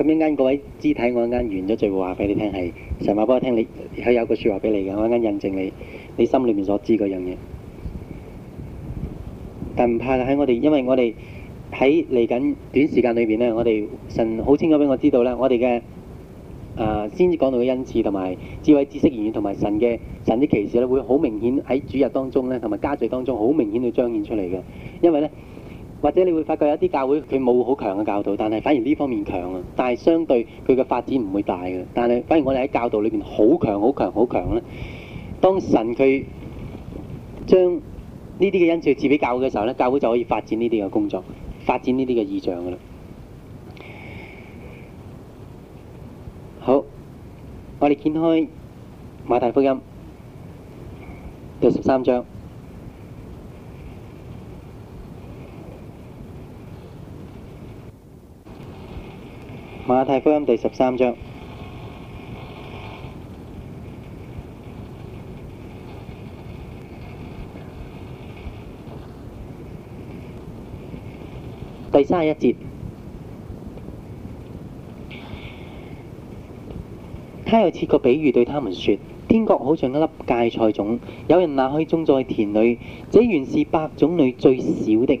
咁一間各位肢體我一間完咗，最後話俾你聽係神話俾我聽，你有有句説話俾你嘅，我一間印證你，你心裏面所知嗰樣嘢。但唔怕嘅，喺我哋，因為我哋喺嚟緊短時間裏面呢，我哋神好清楚俾我知道啦，我哋嘅、呃、先知講道嘅恩賜同埋智慧知識、言語同埋神嘅神蹟奇事，咧，會好明顯喺主日當中咧，同埋家聚當中好明顯去彰顯出嚟嘅，因為咧。或者你會發覺有啲教會佢冇好強嘅教導，但係反而呢方面強啊！但係相對佢嘅發展唔會大嘅。但係反而我哋喺教導裏邊好強、好強、好強咧。當神佢將呢啲嘅因素賜俾教會嘅時候咧，教會就可以發展呢啲嘅工作，發展呢啲嘅意象嘅啦。好，我哋掀開馬太福音第十三章。馬太福音第十三章第三十一節，他又設個比喻對他們說：天國好像一粒芥菜種，有人拿去種在田裏，這原是百種裏最小的。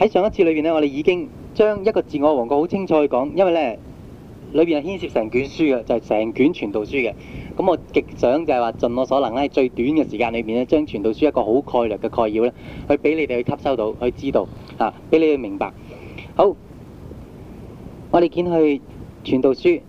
喺上一次裏面呢，我哋已經將一個自我王國好清楚去講，因為呢裏面係牽涉成卷書嘅，就係、是、成卷傳道書嘅。咁我極想就係話盡我所能咧，在最短嘅時間裏面呢，將傳道書一個好概略嘅概要呢，去俾你哋去吸收到，去知道嚇，俾、啊、你哋明白。好，我哋見去傳道書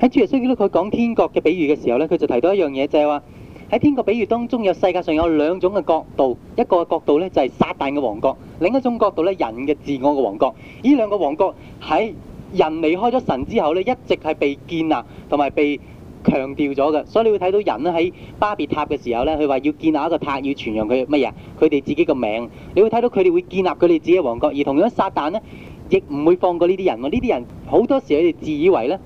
喺主耶穌基督佢講天國嘅比喻嘅時候呢，佢就提到一樣嘢，就係話。喺天個比喻當中，有世界上有兩種嘅角度，一個角度呢就係撒旦嘅王國，另一種角度呢，人嘅自我嘅王國。呢兩個王國喺人離開咗神之後呢，一直係被建立同埋被強調咗嘅，所以你會睇到人咧喺巴別塔嘅時候呢，佢話要建立一個塔，要傳揚佢乜嘢，佢哋自己嘅名。你會睇到佢哋會建立佢哋自己嘅王國，而同樣撒旦呢，亦唔會放過呢啲人。呢啲人好多時佢哋自以為呢。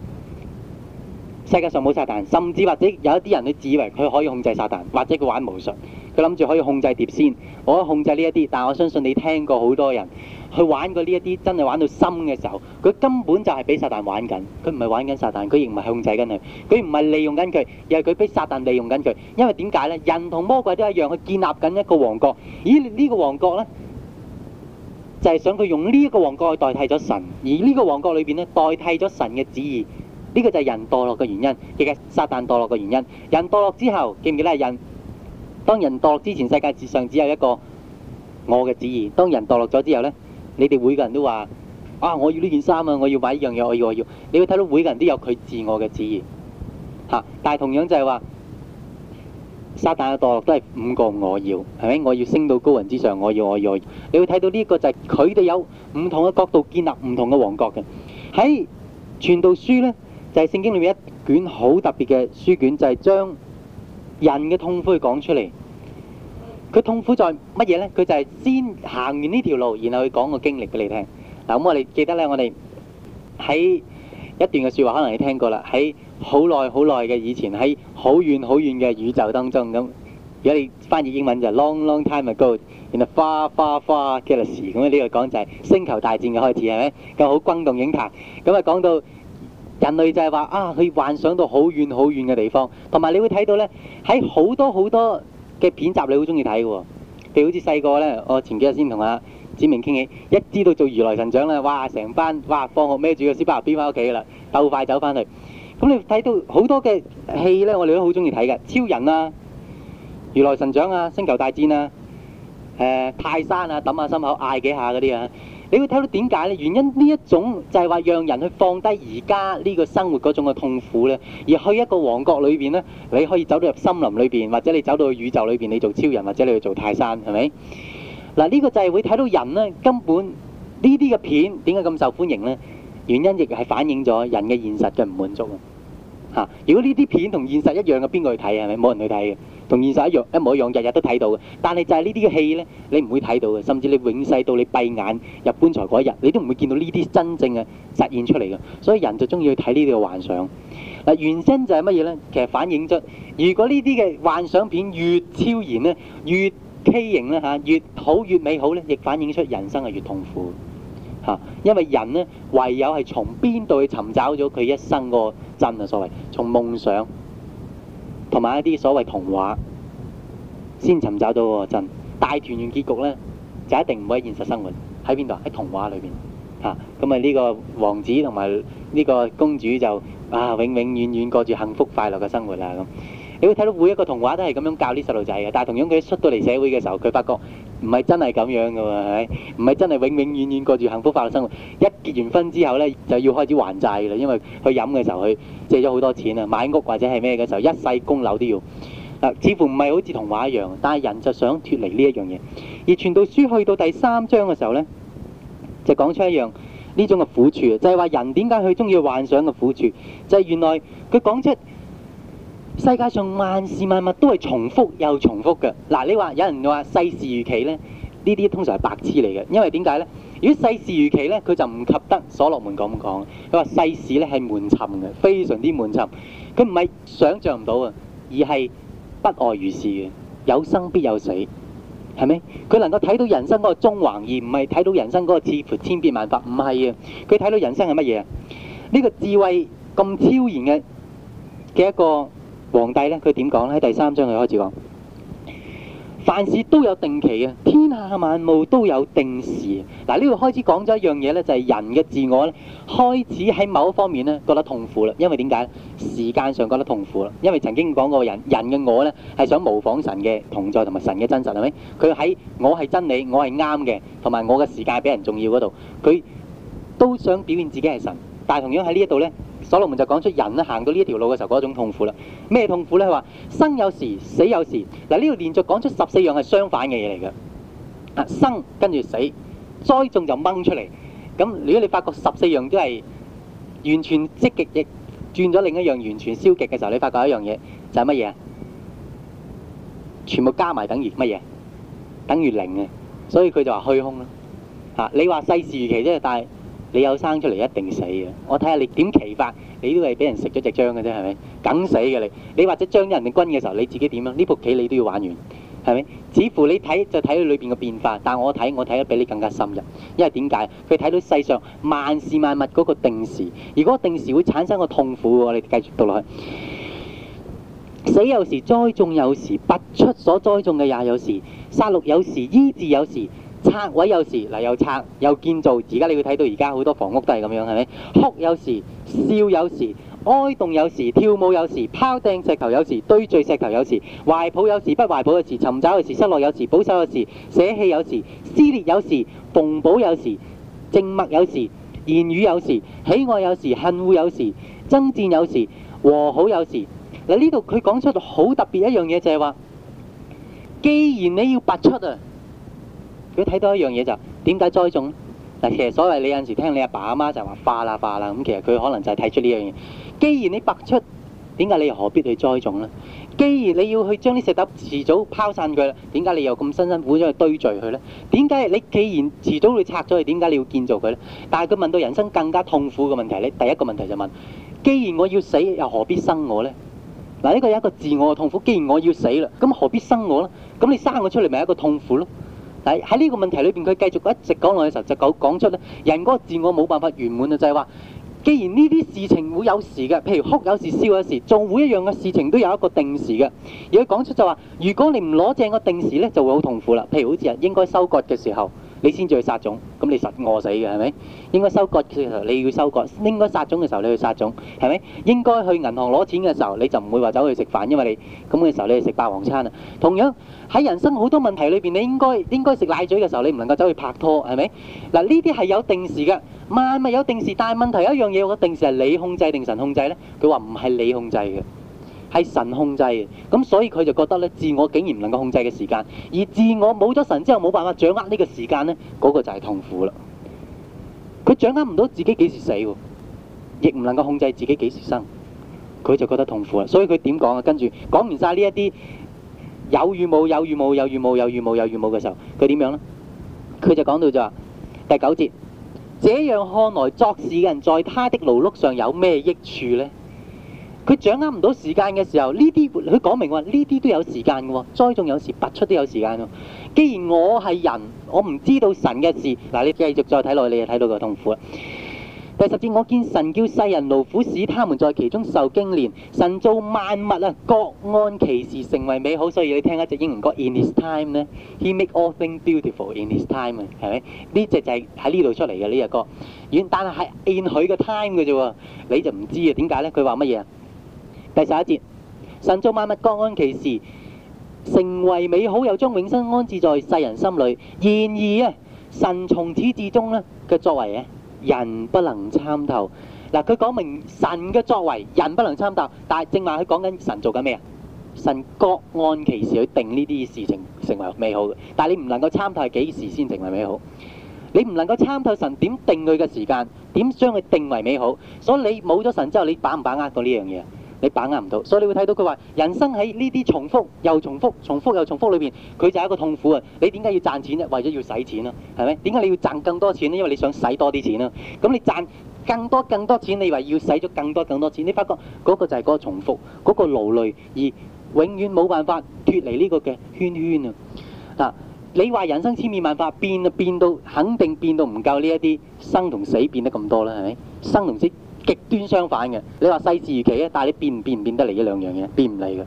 世界上冇撒但，甚至或者有一啲人都指為佢可以控制撒但，或者佢玩巫術，佢諗住可以先控制碟仙，我可以控制呢一啲。但我相信你聽過好多人去玩過呢一啲，真係玩到深嘅時候，佢根本就係俾撒但玩緊，佢唔係玩緊撒但，佢亦唔係控制緊佢，佢唔係利用緊佢，而係佢俾撒但利用緊佢。因為點解呢？人同魔鬼都一樣，佢建立緊一個王國。咦？呢、呢個王國呢，就係、係、想佢用呢一個王國去代替咗神，而呢個王國裏邊呢代替咗神嘅旨意。呢個就係人墮落嘅原因，亦係撒旦墮落嘅原因。人墮落之後，記唔記得係人？當人墮落之前，世界上只有一個我嘅旨意。當人墮落咗之後呢，你哋每個人都話：啊，我要呢件衫啊，我要買一樣嘢，我要我要。你會睇到每個人都有佢自我嘅旨意，啊，但同樣就係話，撒旦嘅墮落都係五個我要，係咪？我要升到高雲之上，我要我要，我要。你會睇到呢個就係佢哋有唔同嘅角度建立唔同嘅王國嘅。喺傳道書呢，就係聖經裏面一卷好特別嘅書卷，就係將人嘅痛苦講出嚟。佢痛苦在乜嘢呢？佢就係先行完呢條路，然後去講個經歷俾你聽。嗱，咁我哋記得呢，我哋喺一段嘅説話，可能你聽過啦。喺好耐好耐嘅以前，喺好遠好遠嘅宇宙當中咁。如果你翻譯英文就 long long time ago，然後花花花嘅歷史咁啊，呢個講就係星球大戰嘅開始係咪？咁好轟動影壇。咁啊，講到。人類就係話啊，佢幻想到好遠好遠嘅地方，同埋你會睇到呢，喺好多好多嘅片集你很喜歡看的、哦，你好中意睇嘅喎。譬如好似細個呢，我前幾日先同阿子明傾起，一知道做如來神掌咧，哇！成班哇，放學孭住個小包就搬翻屋企啦，鬥快走翻去。咁你睇到好多嘅戲呢，我哋都好中意睇嘅，超人啊，如來神掌啊，星球大戰啊，呃、泰山啊，揼下心口嗌幾下嗰啲啊。你會睇到點解呢？原因呢一種就係話讓人去放低而家呢個生活嗰種嘅痛苦呢，而去一個王國裏面呢，你可以走到入森林裏面，或者你走到去宇宙裏面，你做超人或者你去做泰山，係咪？嗱，呢個就係會睇到人呢，根本呢啲嘅片點解咁受歡迎呢？原因亦係反映咗人嘅現實嘅唔滿足啊！嚇，如果呢啲片同現實一樣嘅，邊個去睇？係咪冇人去睇嘅？同現實一樣一模一樣，日日都睇到嘅。但係就係呢啲嘅戲呢，你唔會睇到嘅。甚至你永世到你閉眼入棺材嗰一日，你都唔會見到呢啲真正嘅實現出嚟嘅。所以人就中意去睇呢啲嘅幻想。嗱，原因就係乜嘢呢？其實反映咗，如果呢啲嘅幻想片越超然呢，越畸形吓，越好越美好呢，亦反映出人生係越痛苦吓。因為人呢，唯有係從邊度去尋找咗佢一生個真啊所謂，從夢想。同埋一啲所謂童話，先尋找到嗰陣大團圓結局呢，就一定唔會喺現實生活，喺邊度？喺童話裏面吓。咁啊呢個王子同埋呢個公主就啊永永遠遠過住幸福快樂嘅生活啦咁。啊你會睇到每一個童話都係咁樣教啲細路仔嘅，但係同樣佢出到嚟社會嘅時候，佢發覺唔係真係咁樣噶喎，係唔係真係永永遠遠過住幸福快樂生活？一結完婚之後呢，就要開始還債啦，因為去飲嘅時候去借咗好多錢啊，買屋或者係咩嘅時候，一世供樓都要啊，似乎唔係好似童話一樣，但係人就想脫離呢一樣嘢。而《傳道書》去到第三章嘅時候呢，就講出一樣呢種嘅苦處，就係、是、話人點解佢中意幻想嘅苦處，就係、是、原來佢講出。世界上萬事萬物都係重複又重複嘅嗱。你話有人話世事如棋呢，呢啲通常係白痴嚟嘅，因為點解呢？如果世事如棋呢，佢就唔及得所羅門噉講。佢話世事呢係悶沉嘅，非常之悶沉。佢唔係想像唔到啊，而係不外如是嘅。有生必有死，係咪？佢能夠睇到人生嗰個中橫而唔係睇到人生嗰個似乎千變萬化。唔係啊，佢睇到人生係乜嘢？呢個智慧咁超然嘅嘅一個皇帝咧，佢點講咧？喺第三章佢開始講，凡事都有定期嘅，天下萬務都有定時。嗱呢度開始講咗一樣嘢咧，就係、是、人嘅自我咧，開始喺某一方面咧覺得痛苦啦。因為點解？時間上覺得痛苦啦。因為曾經講過人，人人嘅我咧係想模仿神嘅同在同埋神嘅真實係咪？佢喺我係真理，我係啱嘅，同埋我嘅時間比人重要嗰度，佢都想表現自己係神，但係同樣喺呢一度咧。講龍門就講出人咧行到呢條路嘅時候嗰種痛苦啦，咩痛苦呢？佢話生有時，死有時。嗱呢度連續講出十四樣係相反嘅嘢嚟嘅，啊生跟住死，栽種就掹出嚟。咁如果你發覺十四樣都係完全積極嘅，轉咗另一樣完全消極嘅時候，你發覺一樣嘢就係乜嘢？全部加埋等於乜嘢？等於零嘅。所以佢就話虛空咯。啊，你話世事如棋啫，但係。你有生出嚟一定死嘅，我睇下你點棋法，你都係俾人食咗隻將嘅啫，係咪？梗死嘅你，你或者將人哋軍嘅時候，你自己點啊？呢部棋你都要玩完，係咪？似乎你睇就睇到裏面嘅變化，但我睇我睇得比你更加深入，因為點解？佢睇到世上萬事萬物嗰個定時，如果定時會產生個痛苦喎，你繼續讀落去。死有時，栽種有時，拔出所栽種嘅也有時，殺戮有時，醫治有時。拆位有時，嗱又拆又建造，而家你要睇到而家好多房屋都係咁樣，係咪？哭有時，笑有時，哀慟有時，跳舞有時，拋掟石頭有時，堆聚石頭有時，懷抱有時，不懷抱有時，尋找有時，失落有時，保守有時，捨棄有時，撕裂有時，縫補有時，靜默有時，言語有時，喜愛有時，恨惡有時，爭戰有時，和好有時。嗱呢度佢講出好特別一樣嘢就係話，既然你要拔出啊！佢睇到一樣嘢就點解栽種？嗱，其實所謂你有陣時聽你阿爸阿媽就話化啦化啦，咁其實佢可能就係睇出呢樣嘢。既然你拔出，點解你又何必去栽種呢？既然你要去將啲石頭遲早拋散佢啦，點解你又咁辛辛苦苦去堆聚佢呢？點解你既然遲早會拆咗佢，點解你要建造佢呢？但係佢問到人生更加痛苦嘅問題，你第一個問題就問：既然我要死，又何必生我呢？嗱，呢個有一個自我嘅痛苦。既然我要死啦，咁何必生我呢？咁你生我出嚟咪係一個痛苦咯？喺呢個問題裏邊，佢繼續一直講落去嘅時候，就講講出咧，人嗰個自我冇辦法圓滿啊！就係話，既然呢啲事情會有時嘅，譬如哭有時，笑有時，做每一樣嘅事情都有一個定時嘅。而佢講出就話，如果你唔攞正個定時咧，就會好痛苦啦。譬如好似係應該收割嘅時候，你先至去撒種。咁你實餓死嘅係咪？應該收割嘅時候你要收割，應該殺種嘅時候你去殺種，係咪？應該去銀行攞錢嘅時候你就唔會話走去食飯，因為你咁嘅時候你係食霸王餐啊。同樣喺人生好多問題裏面，你應該應該食奶嘴嘅時候，你唔能夠走去拍拖，係咪？嗱呢啲係有定時㗎，萬物有定時，但係問題有一樣嘢，我定時係你控制定神控制呢，佢話唔係你控制嘅。係神控制嘅，咁所以佢就覺得咧，自我竟然唔能夠控制嘅時間，而自我冇咗神之後冇辦法掌握呢個時間呢，嗰個就係痛苦啦。佢掌握唔到自己幾時死喎，亦唔能夠控制自己幾時生，佢就覺得痛苦啦。所以佢點講啊？跟住講完曬呢一啲有與冇、有與冇、有與冇、有與冇、有與冇嘅時候，佢點樣呢？佢就講到就話第九節，這樣看來作事嘅人在他的勞碌上有咩益處呢？」佢掌握唔到時間嘅時候，呢啲佢講明話呢啲都有時間嘅喎，栽種有時拔出都有時間喎。既然我係人，我唔知道神嘅事。嗱，你繼續再睇落去，你就睇到個痛苦啦。第十節，我見神叫世人勞苦使，使他們在其中受經練。神造萬物啊，各安其時，成為美好。所以你聽一隻英文歌，In His Time He make all things beautiful in His time 啊，係咪？呢隻就係喺呢度出嚟嘅呢隻歌。然但係 In 佢嘅 time 嘅啫喎，你就唔知啊？點解呢？佢話乜嘢啊？第十一節，神造萬物各按其時，成為美好，又將永生安置在世人心裏。然而啊，神從始至終咧嘅作為咧，人不能參透。嗱，佢講明神嘅作為，人不能參透，透。但係正話，佢講緊神做緊咩啊？神各按其時去定呢啲事情成為美好。但係你唔能夠參透係幾時先成為美好，你唔能夠參透神點定佢嘅時間，點將佢定為美好。所以你冇咗神之後，你把唔把握過呢樣嘢？你把握唔到，所以你會睇到佢話人生喺呢啲重複又重複、重複又重複裏邊，佢就係一個痛苦啊！你點解要賺錢呢？為咗要使錢咯，啊，係咪？點解你要賺更多錢呢？因為你想使多啲錢啦，啊。咁你賺更多更多錢，你以為要使咗更多更多錢？你發覺嗰個就係嗰個重複，嗰，嗰個勞累而永遠冇辦法脫離呢個嘅圈圈啊！嗱，啊，你話人生千變萬化，變啊變到肯定變到唔夠呢一啲生同死變得咁多啦，係咪？生同死。極端相反嘅，你話細字預期咧，但係你變唔變唔變得嚟呢兩樣嘢，變唔嚟嘅。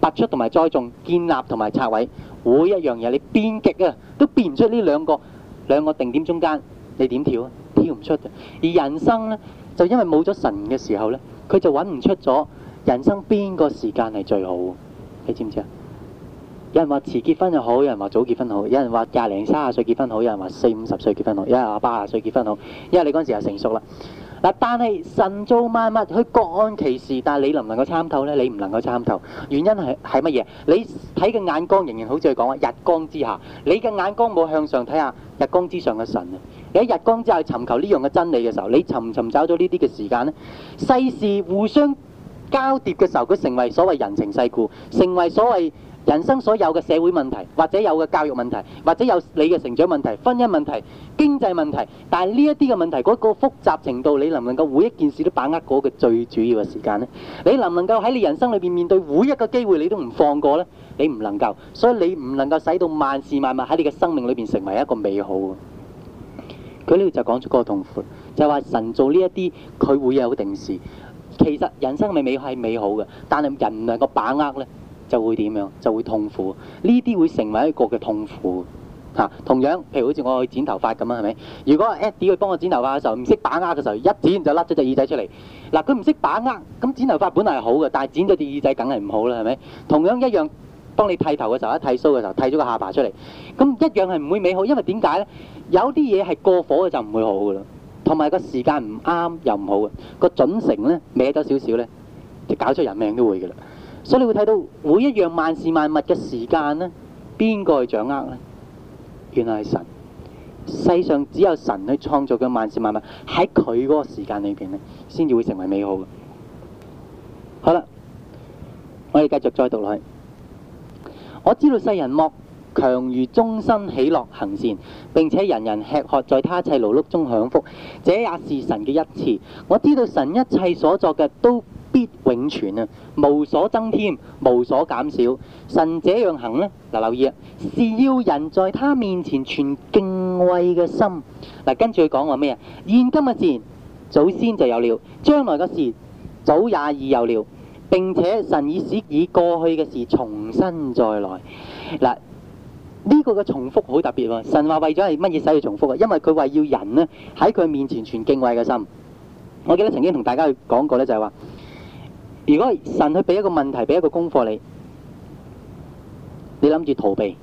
拔出同埋栽種，建立同埋拆毀，每一樣嘢你變極啊，都變唔出呢兩個兩個定點中間，你點跳啊？跳唔出嘅。而人生呢，就因為冇咗神嘅時候呢，佢就揾唔出咗人生邊個時間係最好，你知唔知啊？有人話遲結婚又好，有人話早結婚好，有人話廿零、三十歲結婚好，有人話四五十歲結婚好，有人話八十歲結，結婚好，因為你嗰陣時又成熟啦。但係神造萬物，佢各按其時，但係你能唔能夠參透呢？你唔能夠參透，原因係係乜嘢？你睇嘅眼光仍然好似係講話日光之下，你嘅眼光冇向上睇下日光之上嘅神啊！你喺日光之下尋求呢樣嘅真理嘅時候，你尋尋找咗呢啲嘅時間咧，世事互相交疊嘅時候，佢成為所謂人情世故，成為所謂。人生所有嘅社會問題，或者有嘅教育問題，或者有你嘅成長問題、婚姻問題、經濟問題，但係呢一啲嘅問題嗰個複雜程度，你能唔能夠每一件事都把握嗰個最主要嘅時間呢？你能唔能夠喺你人生裏面面對每一個機會你都唔放過呢？你唔能夠，所以你唔能夠使到萬事萬物喺你嘅生命裏面成為一個美好。佢呢度就講出個痛苦，就係話神做呢一啲佢會有定時。其實人生未美係美好嘅，但係人唔能夠把握呢。就會點樣？就會痛苦。呢啲會成為一個嘅痛苦。嚇、啊，同樣，譬如好似我去剪頭髮咁啊，係咪？如果阿 Andy 佢幫我剪頭髮嘅時候唔識把握嘅時候，一剪就甩咗隻耳仔出嚟。嗱、啊，佢唔識把握，咁剪頭髮本來係好嘅，但係剪咗隻耳仔梗係唔好啦，係咪？同樣一樣，幫你剃頭嘅時候，一剃須嘅時候剃咗個下巴出嚟，咁一樣係唔會美好。因為點解呢？有啲嘢係過火嘅就唔會好噶啦，同埋個時間唔啱又唔好嘅，個準繩呢，歪咗少少呢，就搞出人命都會嘅啦。所以你會睇到每一樣萬事萬物嘅時間咧，邊個去掌握呢？原來係神。世上只有神去創造嘅萬事萬物，喺佢嗰個時間裏邊先至會成為美好的。好啦，我哋繼續再讀落去。我知道世人莫強如終身喜樂行善，並且人人吃喝在他一切勞碌中享福，這也是神嘅恩賜。我知道神一切所作嘅都。必永存啊，無所增添，無所減少。神這樣行呢？嗱，留意啊，是要人在他面前存敬畏嘅心。嗱，跟住佢講話咩啊？現今嘅事，祖先就有了；將來嘅事，早也已有了，並且神已使以過去嘅事重新再來。嗱，呢個嘅重複好特別喎。神話為咗係乜嘢使佢重複啊？因為佢話要人呢，喺佢面前存敬畏嘅心。我記得曾經同大家講過咧，就係話。如果神去俾一個問題，俾一個功課你，你諗住逃避，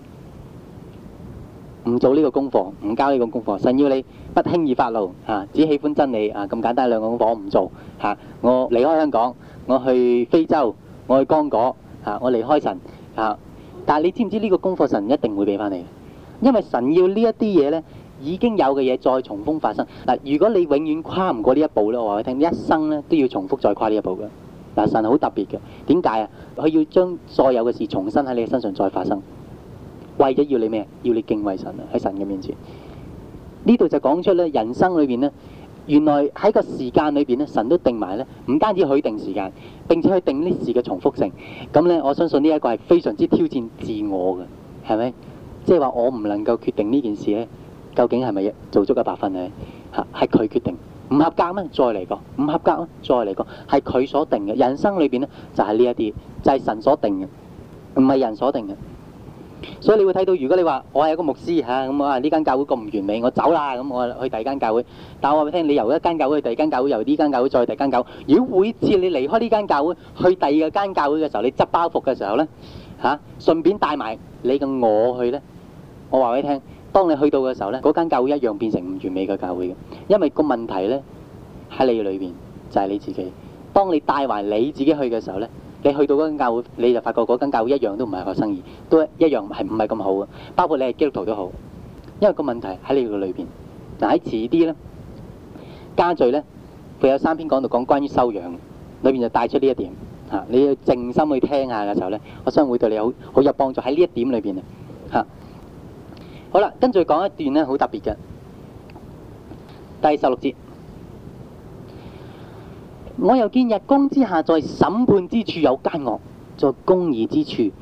唔做呢個功課，唔交呢個功課，神要你不輕易發怒啊，只喜歡真理啊，咁簡單兩個功課我唔做嚇，我離開香港，我去非洲，我去剛果嚇，我離開神嚇，但係你知唔知呢個功課神一定會俾翻你？因為神要呢一啲嘢咧，已經有嘅嘢再重複發生嗱。如果你永遠跨唔過呢一步咧，我話你聽，一生咧都要重複再跨呢一步㗎。嗱，神好特別嘅，點解啊？佢要將所有嘅事重新喺你嘅身上再發生，為咗要你咩？要你敬畏神喺神嘅面前。這裡說呢度就講出咧，人生裏邊咧，原來喺個時間裏邊咧，神都定埋咧，唔單止佢定時間，並且佢定呢時嘅重複性。咁咧，我相信呢一個係非常之挑戰自我嘅，係咪？即係話我唔能夠決定呢件事咧，究竟係咪做足咗百分咧？嚇，係佢決定。唔合格咩？再嚟過，唔合格咩？再嚟過，係佢所定嘅。人生裏邊咧，就係呢一啲，就係神所定嘅，唔係人所定嘅。所以你會睇到，如果你話我係一個牧師吓，咁我啊呢間教會咁唔完美，我走啦，咁我去第二間教會。但係我話俾你聽，你由一間教會去第二間教會，由呢間教會再去第二間教會，如果每次你離開呢間教會去第二間教會嘅時候，你執包袱嘅時候咧，吓，順便帶埋你嘅我去咧，我話俾你聽。當你去到嘅時候呢，嗰間教會一樣變成唔完美嘅教會嘅，因為個問題呢，喺你裏邊就係、是、你自己。當你帶埋你自己去嘅時候呢，你去到嗰間教會，你就發覺嗰間教會一樣都唔係學生意，都一樣係唔係咁好嘅。包括你係基督徒都好，因為個問題喺你嘅裏邊。嗱，喺遲啲呢，加敘呢，佢有三篇講道講關於修養，裏邊就帶出呢一點。吓，你要靜心去聽下嘅時候呢，我相信會對你好好有幫助。喺呢一點裏邊啊，吓。好啦，跟住講一段咧，好特別嘅，第十六節。我又見日光之下，在審判之處有奸惡，在公義之處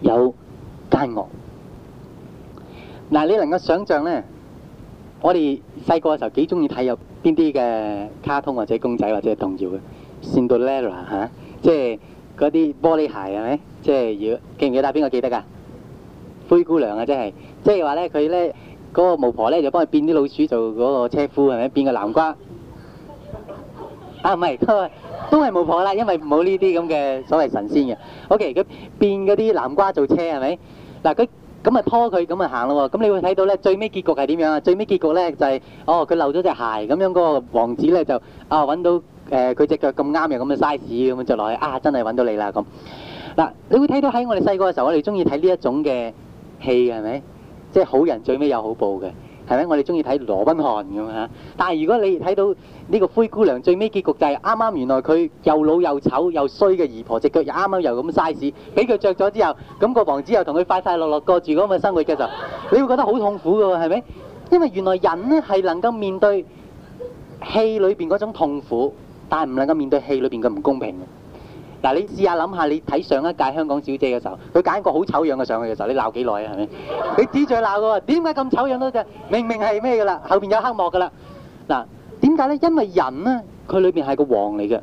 有奸惡。嗱，你能夠想像咧？我哋細個嘅時候幾鍾意睇有邊啲嘅卡通或者公仔或者童謠嘅，Cinderella 吓，即係嗰啲玻璃鞋係咪啊？即係要記唔記得邊個記得㗎？灰姑娘啊，即係，即係話咧，佢咧嗰個巫婆咧就幫佢變啲老鼠做嗰個車夫，係咪？變個南瓜？啊唔係，都係巫婆啦，因為冇呢啲咁嘅所謂神仙嘅。OK，咁變嗰啲南瓜做車係咪？嗱，佢咁啊拖佢咁啊行咯喎，咁你會睇到咧最尾結局係點樣啊？最尾結局咧就係、是、哦，佢漏咗隻鞋，咁樣嗰個王子咧就啊搵到誒佢隻腳咁啱嘅咁嘅 size，咁就落去啊，真係搵到你啦咁。嗱、啊，你會睇到喺我哋細個嘅時候，我哋中意睇呢一種嘅。戲係咪？即係好人最尾有好報嘅，係咪？我哋中意睇羅賓漢咁啊！但係如果你睇到呢個灰姑娘最尾結局就係啱啱原來佢又老又醜又衰嘅姨婆隻腳剛剛又啱啱又咁嘥屎，俾佢着咗之後，咁、個王子又同佢快快樂樂，樂過住咁嘅生活嘅時候，你會覺得好痛苦㗎喎，係咪？因為原來人咧係能夠面對戲裏邊嗰種痛苦，但係唔能夠面對戲裏邊嘅唔公平嘅。嗱，你試下諗下，你睇上一屆香港小姐嘅時候，佢揀一個好醜樣嘅上去嘅時候，你鬧幾耐啊？係咪？你指住佢鬧嘅喎，點解咁醜樣嗰隻？明明係咩嘅啦？後邊有黑幕嘅啦。嗱，點解咧？因為人咧，佢裏邊係個王嚟嘅。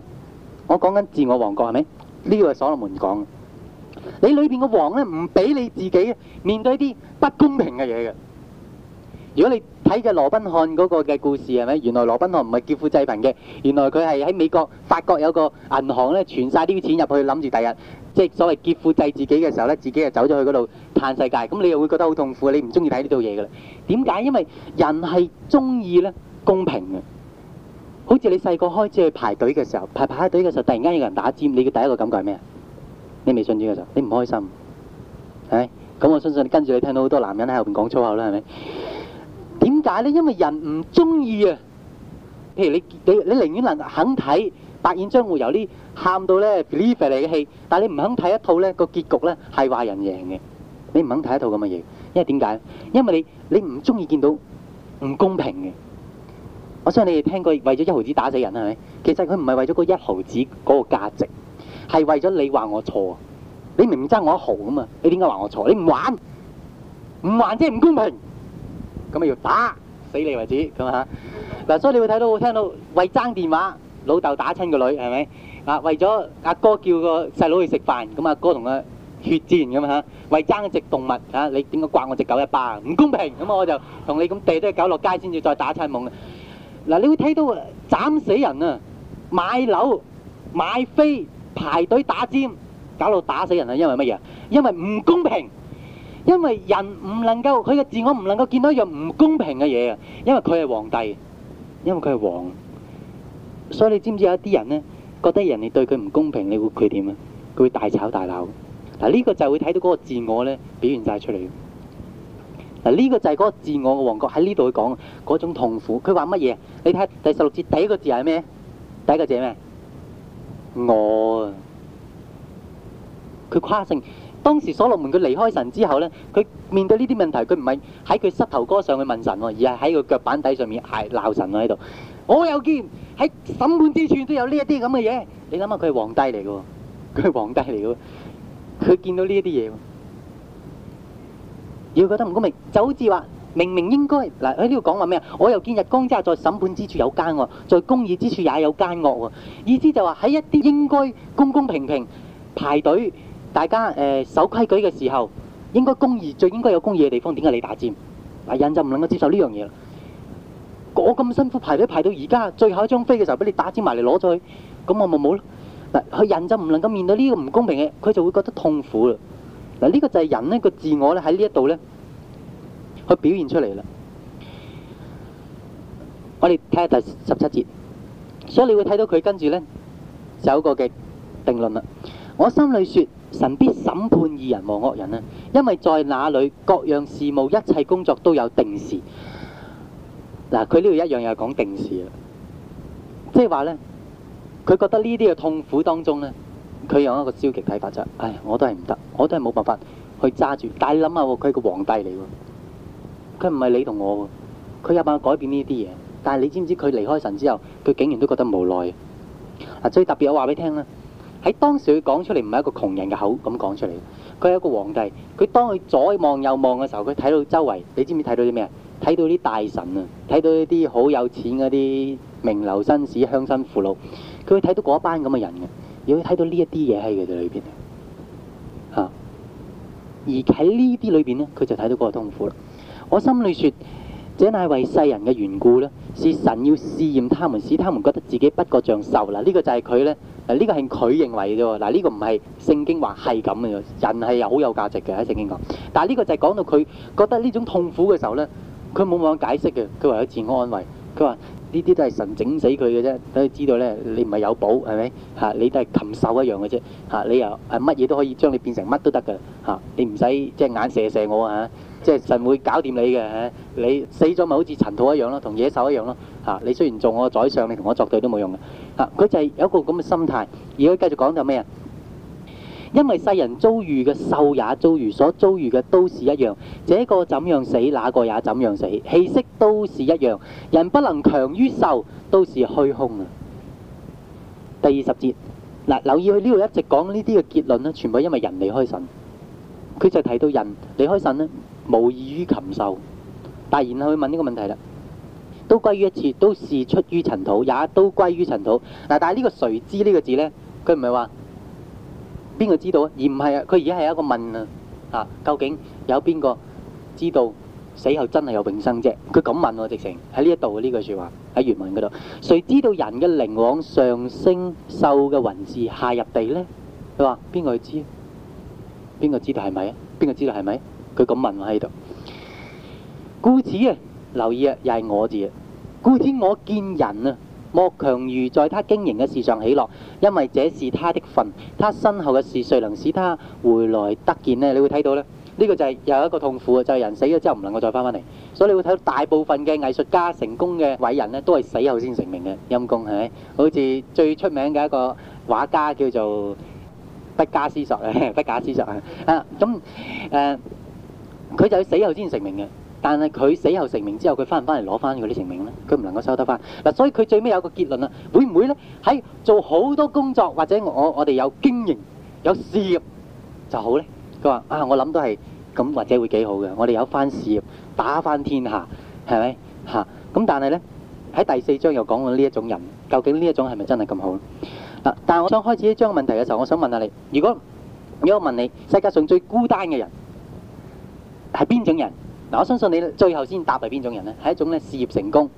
我講緊自我王國係咪？呢、這個係所羅門講。你裏邊嘅王咧，唔俾你自己面對啲不公平嘅嘢嘅。如果你睇嘅《羅賓漢》嗰個嘅故事係咪？原來羅賓漢唔係劫富濟貧嘅，原來佢係喺美國法國有一個銀行咧，存曬啲錢入去，諗住第日即係所謂劫富濟自己嘅時候咧，自己就走咗去嗰度嘆世界。咁你又會覺得好痛苦，你唔中意睇呢套嘢噶啦。點解？因為人係中意咧公平嘅，好似你細個開始去排隊嘅時候，排排隊嘅時候，突然間有人打尖，你嘅第一個感覺係咩？你未信轉嘅時候，你唔開心。係咁，我相信跟住你聽到好多男人喺後邊講粗口啦，係咪？點解咧？因為人唔中意啊。譬如你你你寧願能肯睇白燕將會由啲喊到咧 believer 嚟嘅戲，但係你唔肯睇一套咧，個結局咧，係話人贏嘅。你唔肯睇一套咁嘅嘢，因為點解？因為你你唔中意見到唔公平嘅。我相信你哋聽過為咗一毫子打死人係咪？其實佢唔係為咗嗰一毫子嗰個價值，係為咗你話我錯。你明唔爭我一毫啊，你點解話我錯？你唔玩，唔還即係唔公平。咁啊要打死你為止咁啊！嗱，所以你會睇到、聽到為爭電話，老豆打親個女係咪？啊，為咗阿哥叫個細佬去食飯，咁阿哥同佢血戰咁啊！為爭隻動物啊，你點解摑我隻狗一巴啊？唔公平！咁啊，我就同你咁地都係狗落街先至再打餐懵。嗱，你會睇到斬死人啊，買樓、買飛、排隊打尖，搞到打死人啊！因為乜嘢啊？因為唔公平。因為人唔能夠，佢嘅自我唔能夠見到一樣唔公平嘅嘢啊！因為佢係皇帝，因為佢係王，所以你知唔知有一啲人咧，覺得人哋對佢唔公平，你會佢點啊？佢會大吵大鬧。嗱、這、呢個就係會睇到嗰個自我咧表現晒出嚟。嗱、這、呢個就係嗰個自我嘅王國喺呢度去講嗰種痛苦。佢話乜嘢？你睇下第十六節第一個字係咩？第一個字係咩？我啊，佢跨性。當時所羅門佢離開神之後咧，佢面對呢啲問題，佢唔係喺佢膝頭哥上去問神喎，而係喺佢腳板底上面嗌鬧神喎喺度。我又見喺審判之處都有呢一啲咁嘅嘢，你諗下佢係皇帝嚟嘅，佢係皇帝嚟嘅，佢見到呢一啲嘢，要覺得唔公平，就好似話明明應該嗱喺呢度講話咩啊？我又見日光之下在審判之處有奸喎，在公義之處也有奸惡喎，意思就話喺一啲應該公公平平排隊。大家誒守規矩嘅時候，應該公義最應該有公義嘅地方，點解你打尖？嗱人就唔能夠接受呢樣嘢啦。我咁辛苦排都排隊到而家，最後一張飛嘅時候，俾你打尖埋嚟攞咗去，咁我咪冇咯。嗱，佢人就唔能夠面對呢個唔公平嘅，佢就會覺得痛苦啦。嗱，呢個就係人呢個自我咧喺呢一度咧，去表現出嚟啦。我哋睇下第十七節，所以你會睇到佢跟住咧，就有一個嘅定論啦。我心裏説。神必審判義人和惡人啦，因為在那裏各樣事務，一切工作都有定時。嗱，佢呢度一樣又係講定時啊，即係話咧，佢覺得呢啲嘅痛苦當中咧，佢有一個消極睇法就，唉，我都係唔得，我都係冇辦法去揸住。但係你諗下喎，佢係個皇帝嚟喎，佢唔係你同我喎，佢有辦法改變呢啲嘢。但係你知唔知佢離開神之後，佢竟然都覺得無奈。嗱，最特別我話俾你聽啦。喺當時佢講出嚟唔係一個窮人嘅口咁講出嚟，佢係一個皇帝。佢當佢左望右望嘅時候，佢睇到周圍，你知唔知睇到啲咩啊？睇到啲大臣啊，睇到一啲好有錢嗰啲名流紳士、鄉紳、父老。佢會睇到嗰一班咁嘅人嘅，亦會睇到、啊、呢一啲嘢喺佢哋裏邊啊。而喺呢啲裏邊呢佢就睇到嗰個痛苦啦。我心裏説：這乃為世人嘅緣故呢是神要試驗他們，使他們覺得自己不過像獸喇。呢、這個就係佢呢。呢、呢個係佢認為啫喎，嗱、這、呢個唔係聖經話係咁嘅，人係又好有價值嘅喺聖經講。但係呢個就係講到佢覺得呢種痛苦嘅時候咧，佢冇冇解釋嘅，佢話有自我安慰，佢話呢啲都係神整死佢嘅啫，等佢知道咧，你唔係有寶係咪？嚇，你都係禽獸一樣嘅啫，嚇，你又係乜嘢都可以將你變成乜都得嘅，嚇，你唔使即係眼射射我嚇。即係神會搞掂你嘅，你死咗咪好似塵土一樣咯，同野獸一樣咯。嚇，你雖然做我宰相，你同我作對都冇用嘅。嚇，佢就係有一個咁嘅心態。而佢繼續講就咩啊？因為世人遭遇嘅獸也遭遇，所遭遇嘅都是一樣。這個怎樣死，那個也怎樣死，氣息都是一樣。人不能強於獸，都是虛空啊。第二十節嗱，留意佢呢度一直講呢啲嘅結論啦，全部因為人離開神，佢就係睇到人離開神咧。無異於禽獸，但然後去問呢個問題啦，都歸於一切，都是出於塵土，也都歸於塵土。嗱，但係呢個誰知呢個字呢？佢唔係話邊個知道啊，而唔係佢而家係一個問啊，究竟有邊個知道死後真係有永生啫？佢咁問我、啊、直情喺呢一度呢句說話喺原文嗰度，誰知道人嘅靈往上升，獸嘅魂是下入地呢？」佢話邊個去知？邊個知道係咪啊？邊個知道係咪？佢咁問我喺度，故此啊，留意啊，又係我字啊。故此我見人啊，莫強如在他經營嘅事上喜樂，因為這是他的份。他身後嘅事，誰能使他回來得見呢？你會睇到咧，呢個就係有一個痛苦啊，就係人死咗之後唔能夠再翻翻嚟。所以你會睇到大部分嘅藝術家成功嘅偉人咧，都係死後先成名嘅陰公，係咪？好似最出名嘅一個畫家叫做不假思索啊，不假思索啊，啊，咁誒。佢就係死後先成名嘅，但係佢死後成名之後，佢翻唔翻嚟攞翻嗰啲成名呢？佢唔能夠收得翻。嗱，所以佢最尾有個結論啊，會唔會呢？喺做好多工作，或者我我哋有經營有事業就好呢？佢話啊，我諗都係咁，或者會幾好嘅。我哋有翻事業，打翻天下，係咪吓？咁但係呢，喺第四章又講過呢一種人，究竟呢一種係咪真係咁好？但係我想開始呢張問題嘅時候，我想問下你：如果如果我問你，世界上最孤單嘅人？係邊種人？嗱，我相信你最後先答係邊種人咧？係一種咧事業成功，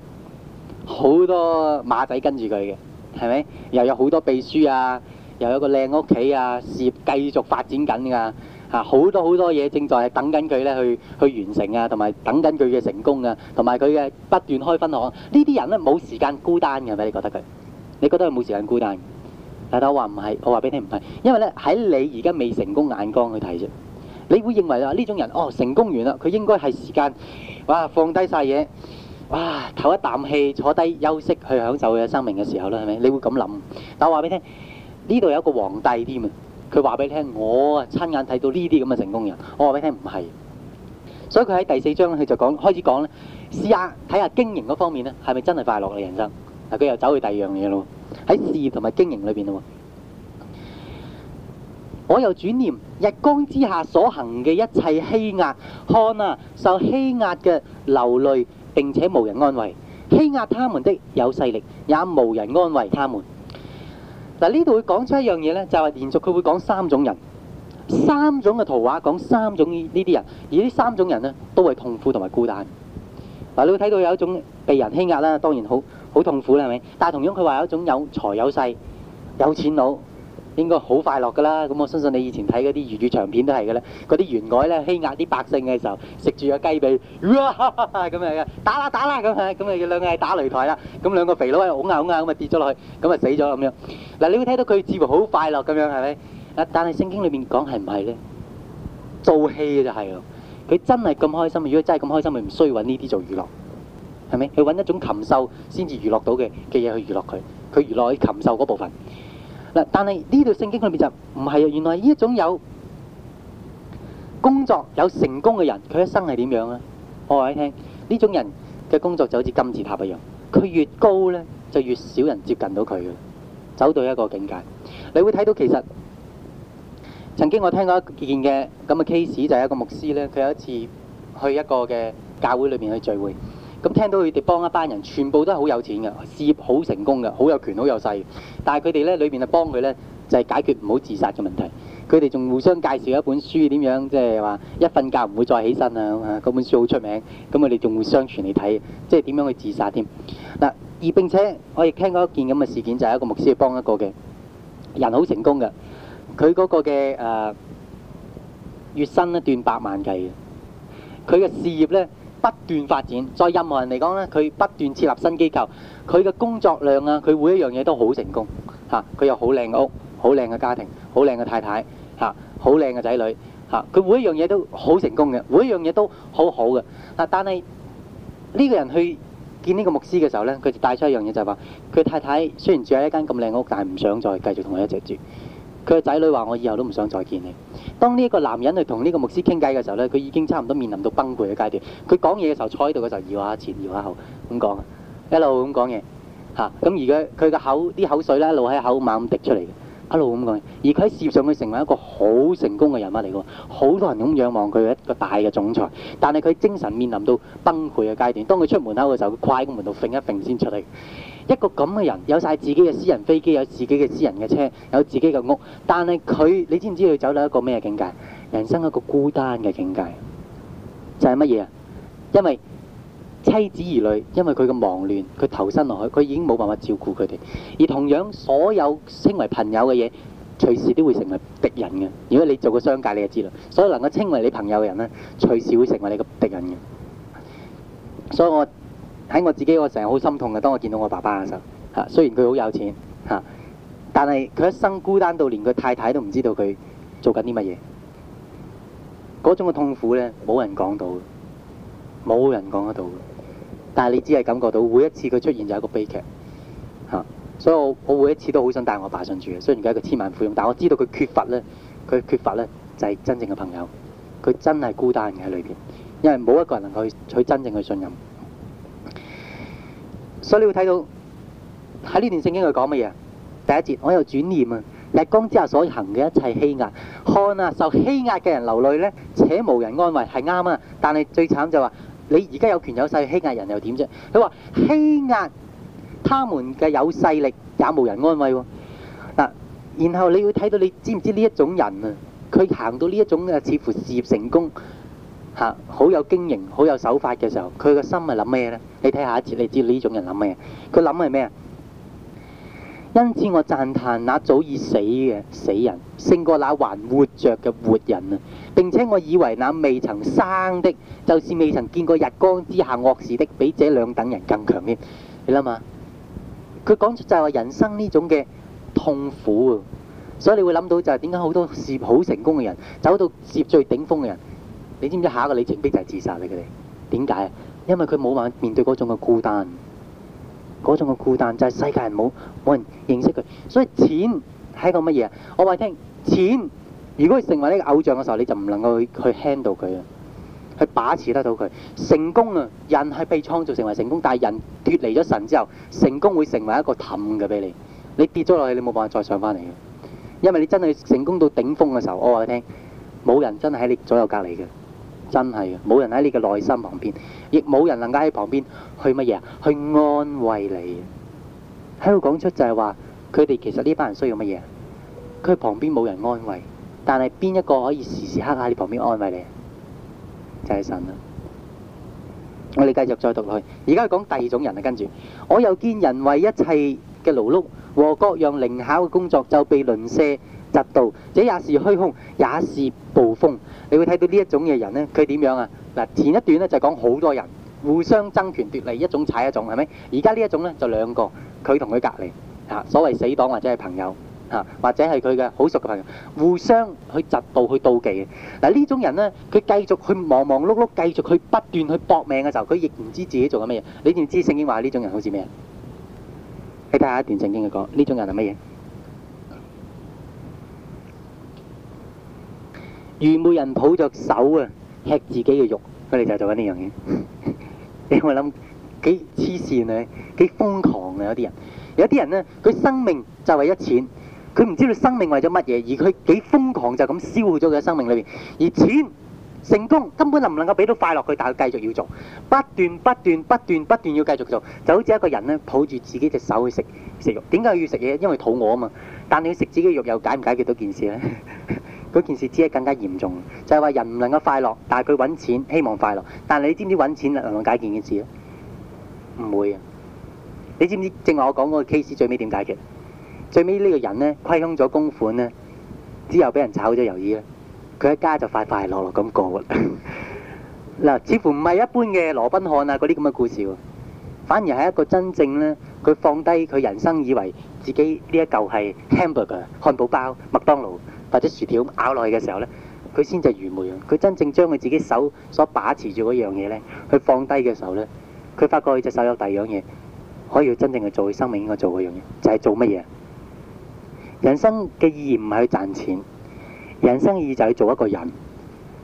好多馬仔跟住佢嘅，係咪？又有好多秘書啊，又有一個靚屋企啊，事業繼續發展緊噶、啊，吓好多好多嘢正在等緊佢咧去去完成啊，同埋等緊佢嘅成功啊，同埋佢嘅不斷開分行。這些，呢啲人咧冇時間孤單嘅咩？你覺得佢？你覺得佢冇時間孤單？但係我話唔係，我話俾你唔係，因為咧喺你而家未成功眼光去睇啫。你會認為啦，呢種人哦成功完啦，佢應該係時間，哇放低晒嘢，哇唞一啖氣，坐低休息去享受佢嘅生命嘅時候啦，係咪？你會咁諗？但我話俾你聽，呢度有一個皇帝添啊，佢話俾你聽，我啊親眼睇到呢啲咁嘅成功人，我話俾你聽唔係，所以佢喺第四章佢就講開始講咧，試下睇下經營嗰方面咧係咪真係快樂嘅人生？嗱，佢又走去第二樣嘢咯喎，喺事業同埋經營裏邊咯。我又轉念，日光之下所行嘅一切欺壓，看啊，受欺壓嘅流淚，並且無人安慰，欺壓他們的有勢力，也無人安慰他們。嗱呢度會講出一樣嘢咧，就係連續佢會講三種人，三種嘅圖畫講三種呢啲人，而呢三種人咧都係痛苦同埋孤單。嗱你會睇到有一種被人欺壓啦，當然好好痛苦啦，係咪？但係同樣佢話有一種有財有勢有錢佬。應該好快樂噶啦，咁我相信你以前睇嗰啲粵語長片都係嘅啦，嗰啲員外咧欺壓啲百姓嘅時候，食住個雞髀，咁樣嘅，打啦打啦咁樣，咁啊兩個係打擂台啦，咁兩個肥佬又恐嚇恐嚇咁啊跌咗落去，咁啊死咗咁樣。嗱，你會睇到佢似乎好快樂咁樣，係咪？但係聖經裏面講係唔係咧？做戲就係咯，佢真係咁開心。如果真係咁開心，咪唔需要揾呢啲做娛樂，係咪？佢揾一種禽獸先至娛樂到嘅嘅嘢去娛樂佢，佢娛樂喺禽獸嗰部分。嗱，但係呢度聖經裏面就唔係啊！原來呢一種有工作有成功嘅人，佢一生係點樣呢？我話你聽，呢種人嘅工作就好似金字塔一樣，佢越高咧，就越少人接近到佢嘅，走到一個境界。你會睇到其實曾經我聽過一件嘅咁嘅 case，就係一個牧師咧，佢有一次去一個嘅教會裏面去聚會。咁聽到佢哋幫一班人，全部都係好有錢嘅，事業好成功嘅，好有權好有勢。但係佢哋咧裏面就幫佢咧，就係、是、解決唔好自殺嘅問題。佢哋仲互相介紹一本書，點樣即係話一瞓覺唔會再起身啊！嗰本書好出名。咁佢哋仲互相傳嚟睇，即係點樣去自殺添。而並且我亦聽過一件咁嘅事件，就係、是、一個牧師幫一個嘅人好成功嘅，佢嗰個嘅誒、呃、月薪一段百萬計，佢嘅事業呢。不斷發展，在任何人嚟講呢，佢不斷設立新機構，佢嘅工作量啊，佢每一樣嘢都好成功，嚇、啊，佢有好靚嘅屋，好靚嘅家庭，好靚嘅太太，嚇、啊，好靚嘅仔女，嚇、啊，佢每一樣嘢都好成功嘅，每一樣嘢都好好嘅、啊，但係呢個人去見呢個牧師嘅時候呢，佢就帶出一樣嘢就係話，佢太太雖然住喺一間咁靚嘅屋，但係唔想再繼續同佢一齊住。佢個仔女話：我以後都唔想再見你。當呢一個男人去同呢個牧師傾偈嘅時候咧，佢已經差唔多面臨到崩潰嘅階段。佢講嘢嘅時候，坐喺度嘅時候搖下前搖下後咁講，一路咁講嘢嚇。咁、啊、而家，佢嘅口啲口水咧一路喺口猛咁滴出嚟，一路咁講。而佢喺事業上佢成為一個好成功嘅人物嚟嘅，好多人咁仰望佢一個大嘅總裁。但係佢精神面臨到崩潰嘅階段，當佢出門口嘅時候，佢跨喺個門度揈一揈先出嚟。一個咁嘅人，有曬自己嘅私人飛機，有自己嘅私人嘅車，有自己嘅屋，但係佢，你知唔知佢走到一個咩境界？人生一個孤單嘅境界，就係乜嘢啊？因為妻子兒女，因為佢嘅忙亂，佢投身落去，佢已經冇辦法照顧佢哋。而同樣，所有稱為朋友嘅嘢，隨時都會成為敵人嘅。如果你做過商界，你就知啦。所有能夠稱為你朋友嘅人呢，隨時會成為你嘅敵人嘅。所以我。喺我自己，我成日好心痛嘅。當我見到我爸爸嘅時候，嚇，雖然佢好有錢嚇，但係佢一生孤單到連佢太太都唔知道佢做緊啲乜嘢。嗰種嘅痛苦咧，冇人講到，冇人講得到。但係你只係感覺到每一次佢出現就係一個悲劇嚇，所以我我每一次都好想帶我爸上住嘅。雖然佢係一個千萬富翁，但係我知道佢缺乏咧，佢缺乏咧就係真正嘅朋友。佢真係孤單嘅喺裏邊，因為冇一個人能夠取真正嘅信任。所以你會睇到喺呢段聖經佢講乜嘢？第一節，我又轉念啊，日光之下所行嘅一切欺壓，看啊，受欺壓嘅人流淚呢，且無人安慰，係啱啊！但係最慘就話、是，你而家有權有勢欺壓人又點啫？佢話，欺壓他們嘅有勢力也無人安慰喎。嗱，然後你會睇到，你知唔知呢一種人啊？佢行到呢一種嘅似乎事業成功。嚇，好有經營，好有手法嘅時候，佢個心係諗咩呢？你睇下一次你知呢種人諗咩？佢諗係咩？因此我讚歎那早已死嘅死人，勝過那還活着嘅活人啊！並且我以為那未曾生的，就是未曾見過日光之下惡事的，比這兩等人更強添。你諗吓？佢講出就係話人生呢種嘅痛苦啊！所以你會諗到就係點解好多事好成功嘅人，走到事業最頂峰嘅人。你知唔知下一個里程碑就係自殺你？佢哋點解啊？因為佢冇辦法面對嗰種嘅孤單，嗰種嘅孤單就係世界人冇，冇人認識佢。所以錢係一個乜嘢？我話你聽，錢如果佢成為呢個偶像嘅時候，你就唔能夠去 handle 佢啊，去把持得到佢。成功啊，人係被創造成為成功，但係人脫離咗神之後，成功會成為一個氹嘅俾你。你跌咗落去，你冇辦法再上翻嚟嘅，因為你真係成功到頂峰嘅時候，我話你聽，冇人真係喺你左右隔離嘅。真係嘅，冇人喺你嘅內心旁邊，亦冇人能夠喺旁邊去乜嘢啊？去安慰你。喺度講出就係話，佢哋其實呢班人需要乜嘢啊？佢喺旁邊冇人安慰，但係邊一個可以時時刻刻喺你旁邊安慰你啊？就係神啦。我哋繼續再讀落去。而家講第二種人啊，跟住，我又見人為一切嘅勞碌和各樣靈巧嘅工作就被鄰舍嫉妒，這也是虛空，也是暴風。你會睇到呢一種嘅人呢，佢點樣啊？嗱，前一段呢，就講好多人互相爭權奪利，一種踩一種，係咪？而家呢一種呢，就兩個，佢同佢隔離，吓所謂死黨或者係朋友，吓或者係佢嘅好熟嘅朋友，互相去嫉妒去妒忌嘅。嗱呢種人呢，佢繼續去忙忙碌碌，繼續去不斷去搏命嘅時候，佢亦唔知自己做緊乜嘢。你知唔知聖經話呢種人好似咩？你睇下一段聖經嘅講，呢種人係乜嘢？愚昧人抱着手啊，吃自己嘅肉，佢哋就做緊呢樣嘢。你 會諗幾黐線啊，幾瘋狂啊！有啲人，有啲人呢，佢生命就為咗錢，佢唔知道生命為咗乜嘢，而佢幾瘋狂就咁消耗咗佢嘅生命裏邊。而錢成功根本能唔能夠俾到快樂佢，但係繼續要做，不斷不斷不斷不斷要繼續做，就好似一個人呢，抱住自己隻手去食食肉。點解要食嘢？因為肚餓啊嘛。但你要食自己嘅肉又解唔解決到件事呢？ 嗰件事只係更加嚴重，就係話人唔能夠快樂，但係佢揾錢希望快樂。但係你知唔知揾錢能唔能夠解決件事咧？唔會啊！你知唔知正話我講嗰個 case 最尾點解決？最尾呢個人呢，虧空咗公款呢，之後俾人炒咗魷魚咧，佢一家就快快樂樂咁過活啦。嗱， 似乎唔係一般嘅羅賓漢啊，嗰啲咁嘅故事喎，啊，反而係一個真正呢，佢放低佢人生以為自己呢一嚿係 hamburger 漢堡包麥當勞。或者薯條咬落去嘅時候呢，佢先至愚昧啊！佢真正將佢自己手所把持住嗰樣嘢呢，去放低嘅時候呢，佢發覺佢隻手有第二樣嘢，可以真正去做佢生命應該做嗰樣嘢，就係做乜嘢？人生嘅意義唔係去賺錢，人生意義就係做一個人。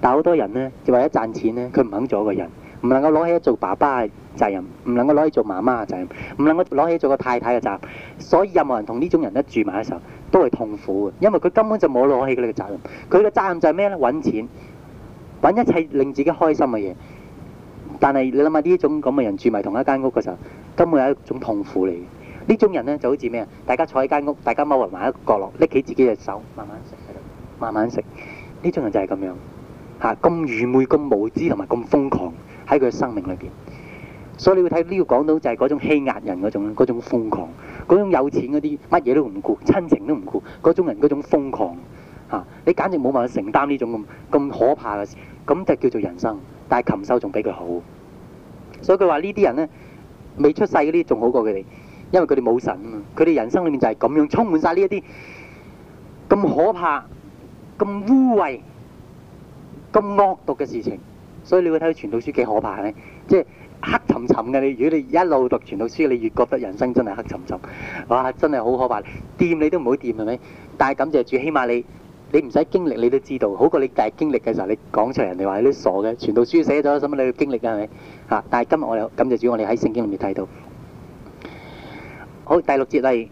但好多人呢，就為咗賺錢呢，佢唔肯做一個人，唔能夠攞起做爸爸嘅責任，唔能夠攞起做媽媽嘅責任，唔能夠攞起做個太太嘅責任，所以任何人同呢種人咧住埋嘅時候，都係痛苦嘅，因為佢根本就冇攞起佢哋嘅責任，佢嘅責任就係咩咧？揾錢，揾一切令自己開心嘅嘢。但係你諗下呢一種咁嘅人住埋同一間屋嘅時候，根本係一種痛苦嚟嘅。呢種人咧就好似咩啊？大家坐喺間屋，大家踎喺埋一個角落，拎起自己隻手，慢慢食喺度，慢慢食。呢種人就係咁樣，嚇咁愚昧、咁無知同埋咁瘋狂喺佢嘅生命裏邊。所以你會睇呢個講到就係嗰種欺壓人嗰種，嗰種瘋狂，嗰種有錢嗰啲乜嘢都唔顧，親情都唔顧，嗰種人嗰種瘋狂嚇、啊，你簡直冇辦法承擔呢種咁咁可怕嘅事，咁就叫做人生。但係禽獸仲比佢好，所以佢話呢啲人咧未出世嗰啲仲好過佢哋，因為佢哋冇神啊嘛，佢哋人生裡面就係咁樣充滿晒呢一啲咁可怕、咁污穢、咁惡毒嘅事情。所以你會睇到傳道書幾可怕咧，即係。黑沉沉嘅你，如果你一路讀傳道書，你越覺得人生真係黑沉沉，哇！真係好可怕。掂你都唔好掂係咪？但係感謝主，起碼你你唔使經歷，你都知道，好過你第日經歷嘅時候，你講出嚟人哋話你都傻嘅。傳道書寫咗，使乜你要經歷啊？係咪？嚇！但係今日我哋感謝主，我哋喺聖經裏面睇到。好，第六節係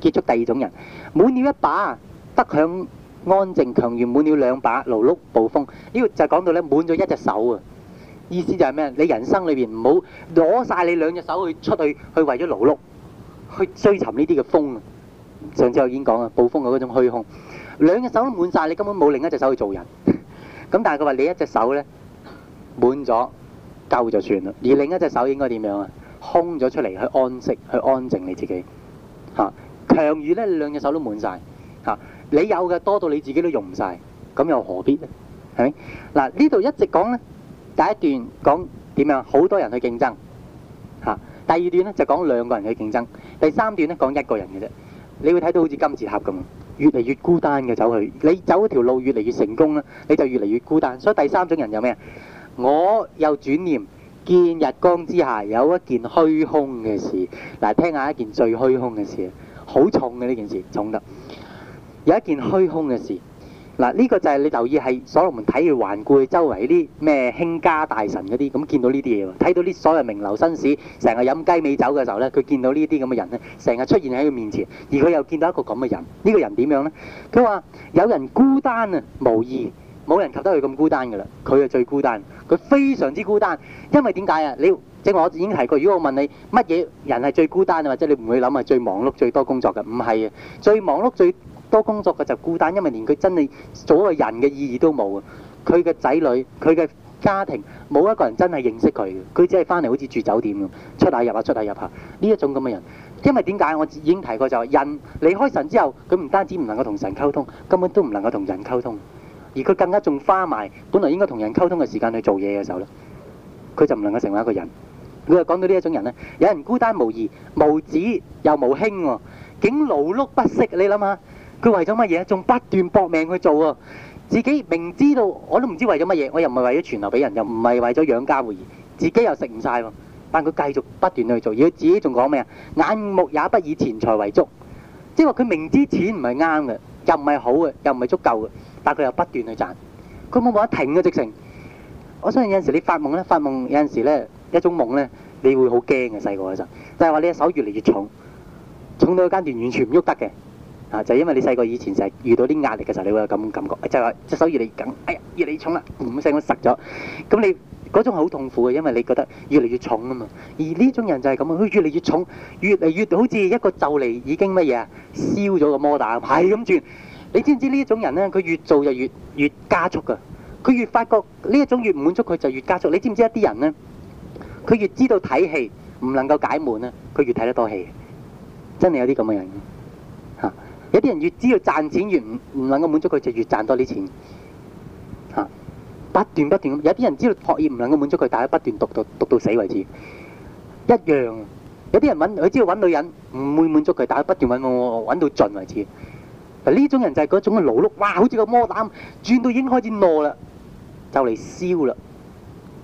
結束第二種人，滿了一把，得享安靜，強如滿了兩把，勞碌捕風。呢個就係講到咧滿咗一隻手啊！意思就係咩？你人生裏邊唔好攞曬你兩隻手去出去去為咗勞碌，去追尋呢啲嘅風啊！上次我已經講啦，暴風嘅嗰種虛空，兩隻手都滿曬，你根本冇另一隻手去做人。咁但係佢話你一隻手呢滿咗夠就算啦，而另一隻手應該點樣啊？空咗出嚟去安息，去安靜你自己嚇，強如呢，你兩隻手都滿曬嚇，你有嘅多到你自己都用唔曬，咁又何必呢？係咪嗱？呢度一直講呢。第一段講點樣，好多人去競爭，吓。第二段咧，就講兩個人去競爭，第三段咧講一個人嘅啫。你會睇到好似金字塔咁，越嚟越孤單嘅走去。你走嗰條路越嚟越成功啦，你就越嚟越孤單。所以第三種人有咩啊？我又轉念見日光之下有一件虛空嘅事。嗱，聽下一件最虛空嘅事，好重嘅呢件事，重得有一件虛空嘅事。嗱，呢個就係你留意係，所羅門睇佢環顧佢周圍啲咩卿家大臣嗰啲，咁見到呢啲嘢喎，睇到啲所謂名流紳士成日飲雞尾酒嘅時候呢，佢見到呢啲咁嘅人呢，成日出現喺佢面前，而佢又見到一個咁嘅人，呢個人點樣呢？佢話有人孤單啊，無疑冇人求得佢咁孤單嘅啦，佢係最孤單，佢非常之孤單，因為點解啊？你正話我已經提過，如果我問你乜嘢人係最孤單啊，或者你唔會諗係最忙碌最多工作嘅，唔係啊，最忙碌最多工作嘅就孤單，因為連佢真係做個人嘅意義都冇啊。佢嘅仔女，佢嘅家庭，冇一個人真係認識佢嘅。佢只係翻嚟好似住酒店咁，出下入下出下入下呢一種咁嘅人。因為點解我已經提過就係、是、人離開神之後，佢唔單止唔能夠同神溝通，根本都唔能夠同人溝通。而佢更加仲花埋本來應該同人溝通嘅時間去做嘢嘅時候咧，佢就唔能夠成為一個人。佢又講到呢一種人呢，有人孤單無二無子又無兄喎，竟勞碌不息。你諗下？佢為咗乜嘢？仲不斷搏命去做啊、喔？自己明知道我都唔知為咗乜嘢，我又唔係為咗傳留俾人，又唔係為咗養家餉業，自己又食唔晒喎。但佢繼續不斷去做，而佢自己仲講咩啊？眼目也不以錢財為足，即係話佢明知錢唔係啱嘅，又唔係好嘅，又唔係足夠嘅，但佢又不斷去賺。佢冇冇得停嘅、啊、直情。我相信有陣時你發夢咧，發夢有陣時咧一種夢咧，你會好驚嘅。細個嗰陣，但係話你隻手越嚟越重，重到間段完全唔喐得嘅。就係因為你細個以前就係遇到啲壓力嘅時候，你會有咁感覺，就係話隻手越嚟越緊，哎呀越嚟越重啦，唔成咁實咗。咁你嗰種係好痛苦嘅，因為你覺得越嚟越重啊嘛。而呢種人就係咁佢越嚟越重，越嚟越好似一個就嚟已經乜嘢燒咗個摩打，係咁轉。你知唔知呢一種人咧？佢越做就越越加速噶。佢越發覺呢一種越唔滿足，佢就越加速。你知唔知一啲人咧？佢越知道睇戲唔能夠解悶咧，佢越睇得多戲，真係有啲咁嘅人。有啲人越知道賺錢越唔唔能夠滿足佢，就越賺多啲錢嚇。不斷不斷，有啲人知道學業唔能夠滿足佢，但係不斷讀讀讀到死為止。一樣，有啲人揾佢知道揾女人唔會滿足佢，但係不斷揾揾揾到盡為止。嗱呢種人就係嗰種嘅勞碌，哇！好似個摩打轉到已經開始攞啦，就嚟燒啦，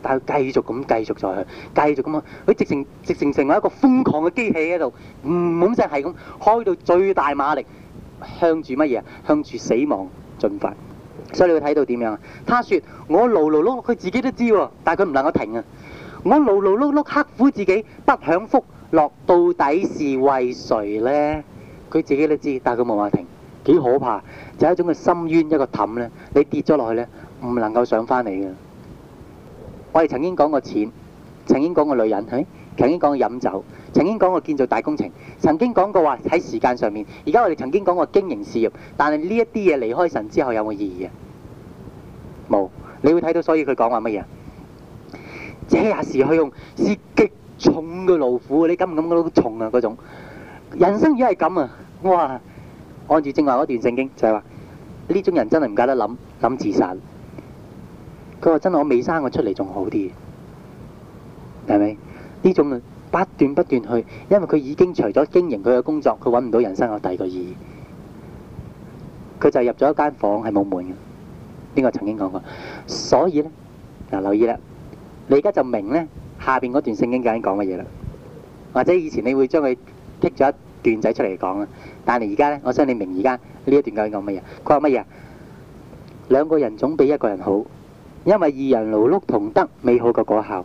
但係繼續咁繼續再去，繼續咁啊！佢直成直成成為一個瘋狂嘅機器喺度，唔冇聲係咁開到最大馬力。向住乜嘢？向住死亡進發，所以你要睇到點樣啊？他說：我勞勞碌碌，佢自己都知喎，但係佢唔能夠停啊！我勞勞碌碌，刻苦自己不享福，落到底是為誰呢？佢自己都知，但係佢冇話停，幾可怕！就係一種嘅深淵，一個氹呢。你跌咗落去呢，唔能夠上返嚟嘅。我哋曾經講過錢，曾經講過女人，係曾經講過飲酒。曾經講過建造大工程，曾經講過話喺時間上面。而家我哋曾經講過經營事業，但係呢一啲嘢離開神之後有冇意義啊？冇，你會睇到，所以佢講話乜嘢啊？這也是佢用是極重嘅勞苦，你感唔感覺到重啊？嗰種人生已經係咁啊！哇！按住正話嗰段聖經就係話，呢種人真係唔夠得諗，諗自殺。佢話真係我未生我出嚟仲好啲，係咪？呢種。不斷不斷去，因為佢已經除咗經營佢嘅工作，佢揾唔到人生有第二個意義。佢就入咗一間房，係冇門嘅。呢個曾經講過，所以咧，嗱，留意啦，你而家就明咧下邊嗰段聖經究竟講乜嘢啦？或者以前你會將佢剔咗一段仔出嚟講啊，但係而家咧，我想你明而家呢一段究竟講乜嘢？佢話乜嘢啊？兩個人總比一個人好，因為二人勞碌同得美好嘅果效。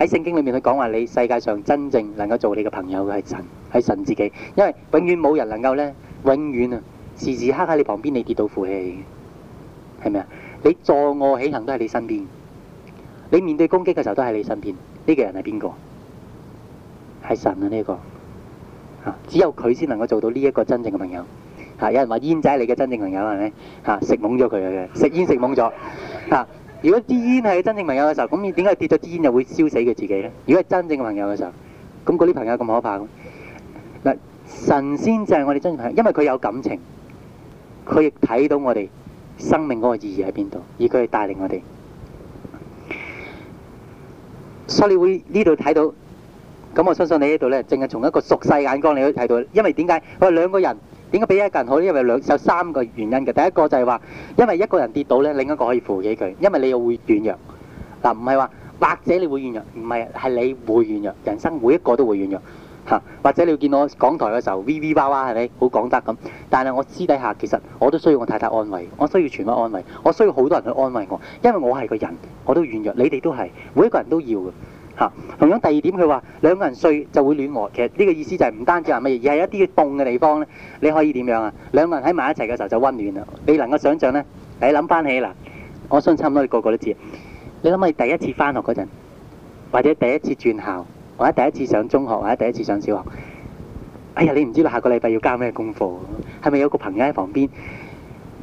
喺聖經裏面佢講話你世界上真正能夠做你嘅朋友嘅係神，係神自己，因為永遠冇人能夠咧，永遠啊，時時刻刻喺你旁邊，你跌到負氣，係咪啊？你坐卧起行都喺你身邊，你面對攻擊嘅時候都喺你身邊。呢個人係邊個？係神啊！呢個嚇，只有佢先能夠做到呢一個真正嘅朋友嚇。有人話煙仔係你嘅真正朋友係咪嚇？食懵咗佢嘅，食煙食懵咗嚇。如果支煙係真正的朋友嘅時候，咁點解跌咗支煙又會燒死佢自己咧？如果係真正嘅朋友嘅時候，咁嗰啲朋友咁可怕？嗱，神仙就係我哋真正朋友，因為佢有感情，佢亦睇到我哋生命嗰個意義喺邊度，而佢係帶領我哋。所以你會呢度睇到，咁我相信你呢度咧，淨係從一個俗世眼光你去睇到，因為點解我哋兩個人？點解比一個人好呢？因為兩有三個原因嘅。第一個就係話，因為一個人跌倒咧，另一個可以扶起佢。因為你又會軟弱，嗱，唔係話或者你會軟弱，唔係係你會軟弱。人生每一個都會軟弱，或者你會見我講台嘅時候，V V 傻傻係咪好講得咁？但係我私底下其實我都需要我太太安慰，我需要全部安慰，我需要好多人去安慰我，因為我係個人，我都軟弱。你哋都係，每一個人都要嘅。同樣第二點佢話兩個人睡就會暖和。其實呢個意思就係唔單止話乜嘢，而係一啲凍嘅地方咧，你可以點樣啊？兩個人喺埋一齊嘅時候就温暖啦。你能夠想像咧？你諗翻起嗱，我相信差唔多你個個都知。你諗下第一次翻學嗰陣，或者第一次轉校，或者第一次上中學，或者第一次上小學，哎呀，你唔知道下個禮拜要交咩功課？係咪有個朋友喺旁邊，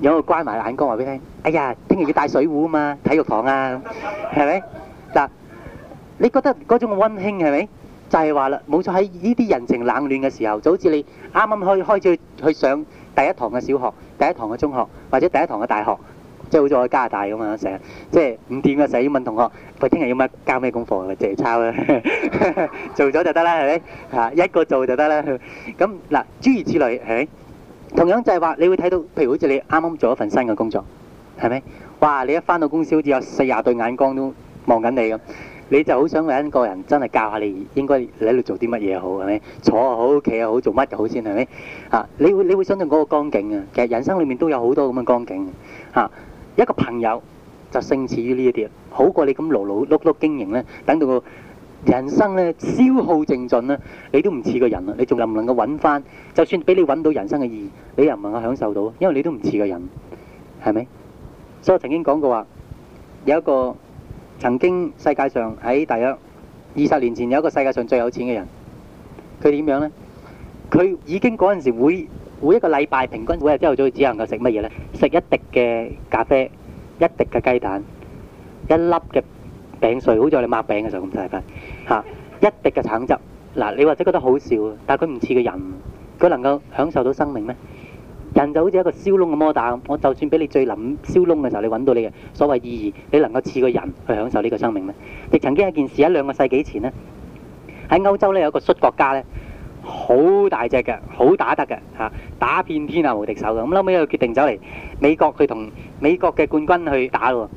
有個關懷眼光話俾你聽？哎呀，聽日要帶水壺啊嘛，體育堂啊，係咪？你覺得嗰種温馨係咪？就係話啦，冇錯喺呢啲人情冷暖嘅時候，就好似你啱啱開開始去上第一堂嘅小學，第一堂嘅中學或者第一堂嘅大學，即係好似我喺加拿大咁樣，成即係五點嘅時候，成日要問同學喂，聽日要乜交咩功課，借抄啦，做咗就得啦，係咪嚇一個做就得啦？咁嗱，諸如此類係咪？同樣就係話，你會睇到譬如好似你啱啱做一份新嘅工作，係咪？哇！你一返到公司，好似有四廿對眼光都望緊你咁。你就好想揾一個人真係教下你應該喺度做啲乜嘢好係咪？坐又好，企又好，做乜又好先係咪？你會你會相信嗰個光景啊？其實人生裏面都有好多咁嘅光景。一個朋友就勝似於呢一啲，好過你咁勞勞碌碌經營咧，等到人生咧消耗淨盡咧，你都唔似個人啦。你仲能唔能夠揾翻？就算俾你揾到人生嘅意義，你又唔能，能夠享受到，因為你都唔似個人，係咪？所以我曾經講過話，有一個。曾經世界上喺大約二十年前有一個世界上最有錢嘅人，佢點樣呢？佢已經嗰陣時每一個禮拜平均每日朝頭早只能夠食乜嘢呢？食一滴嘅咖啡，一滴嘅雞蛋，一粒嘅餅碎，好似我哋抹餅嘅時候咁大塊嚇，一滴嘅橙汁嗱。你或者覺得好笑，但係佢唔似個人，佢能夠享受到生命咩？人就好似一個燒窿嘅摩打，咁，我就算俾你最臨燒窿嘅時候，你揾到你嘅所謂意義，你能夠似個人去享受呢個生命咧。亦曾經一件事喺兩個世紀前咧，喺歐洲呢，有一個摔國家呢，好大隻嘅，好打得嘅嚇，打遍天下無敵手嘅。咁後尾佢決定走嚟美國，佢同美國嘅冠軍去打咯。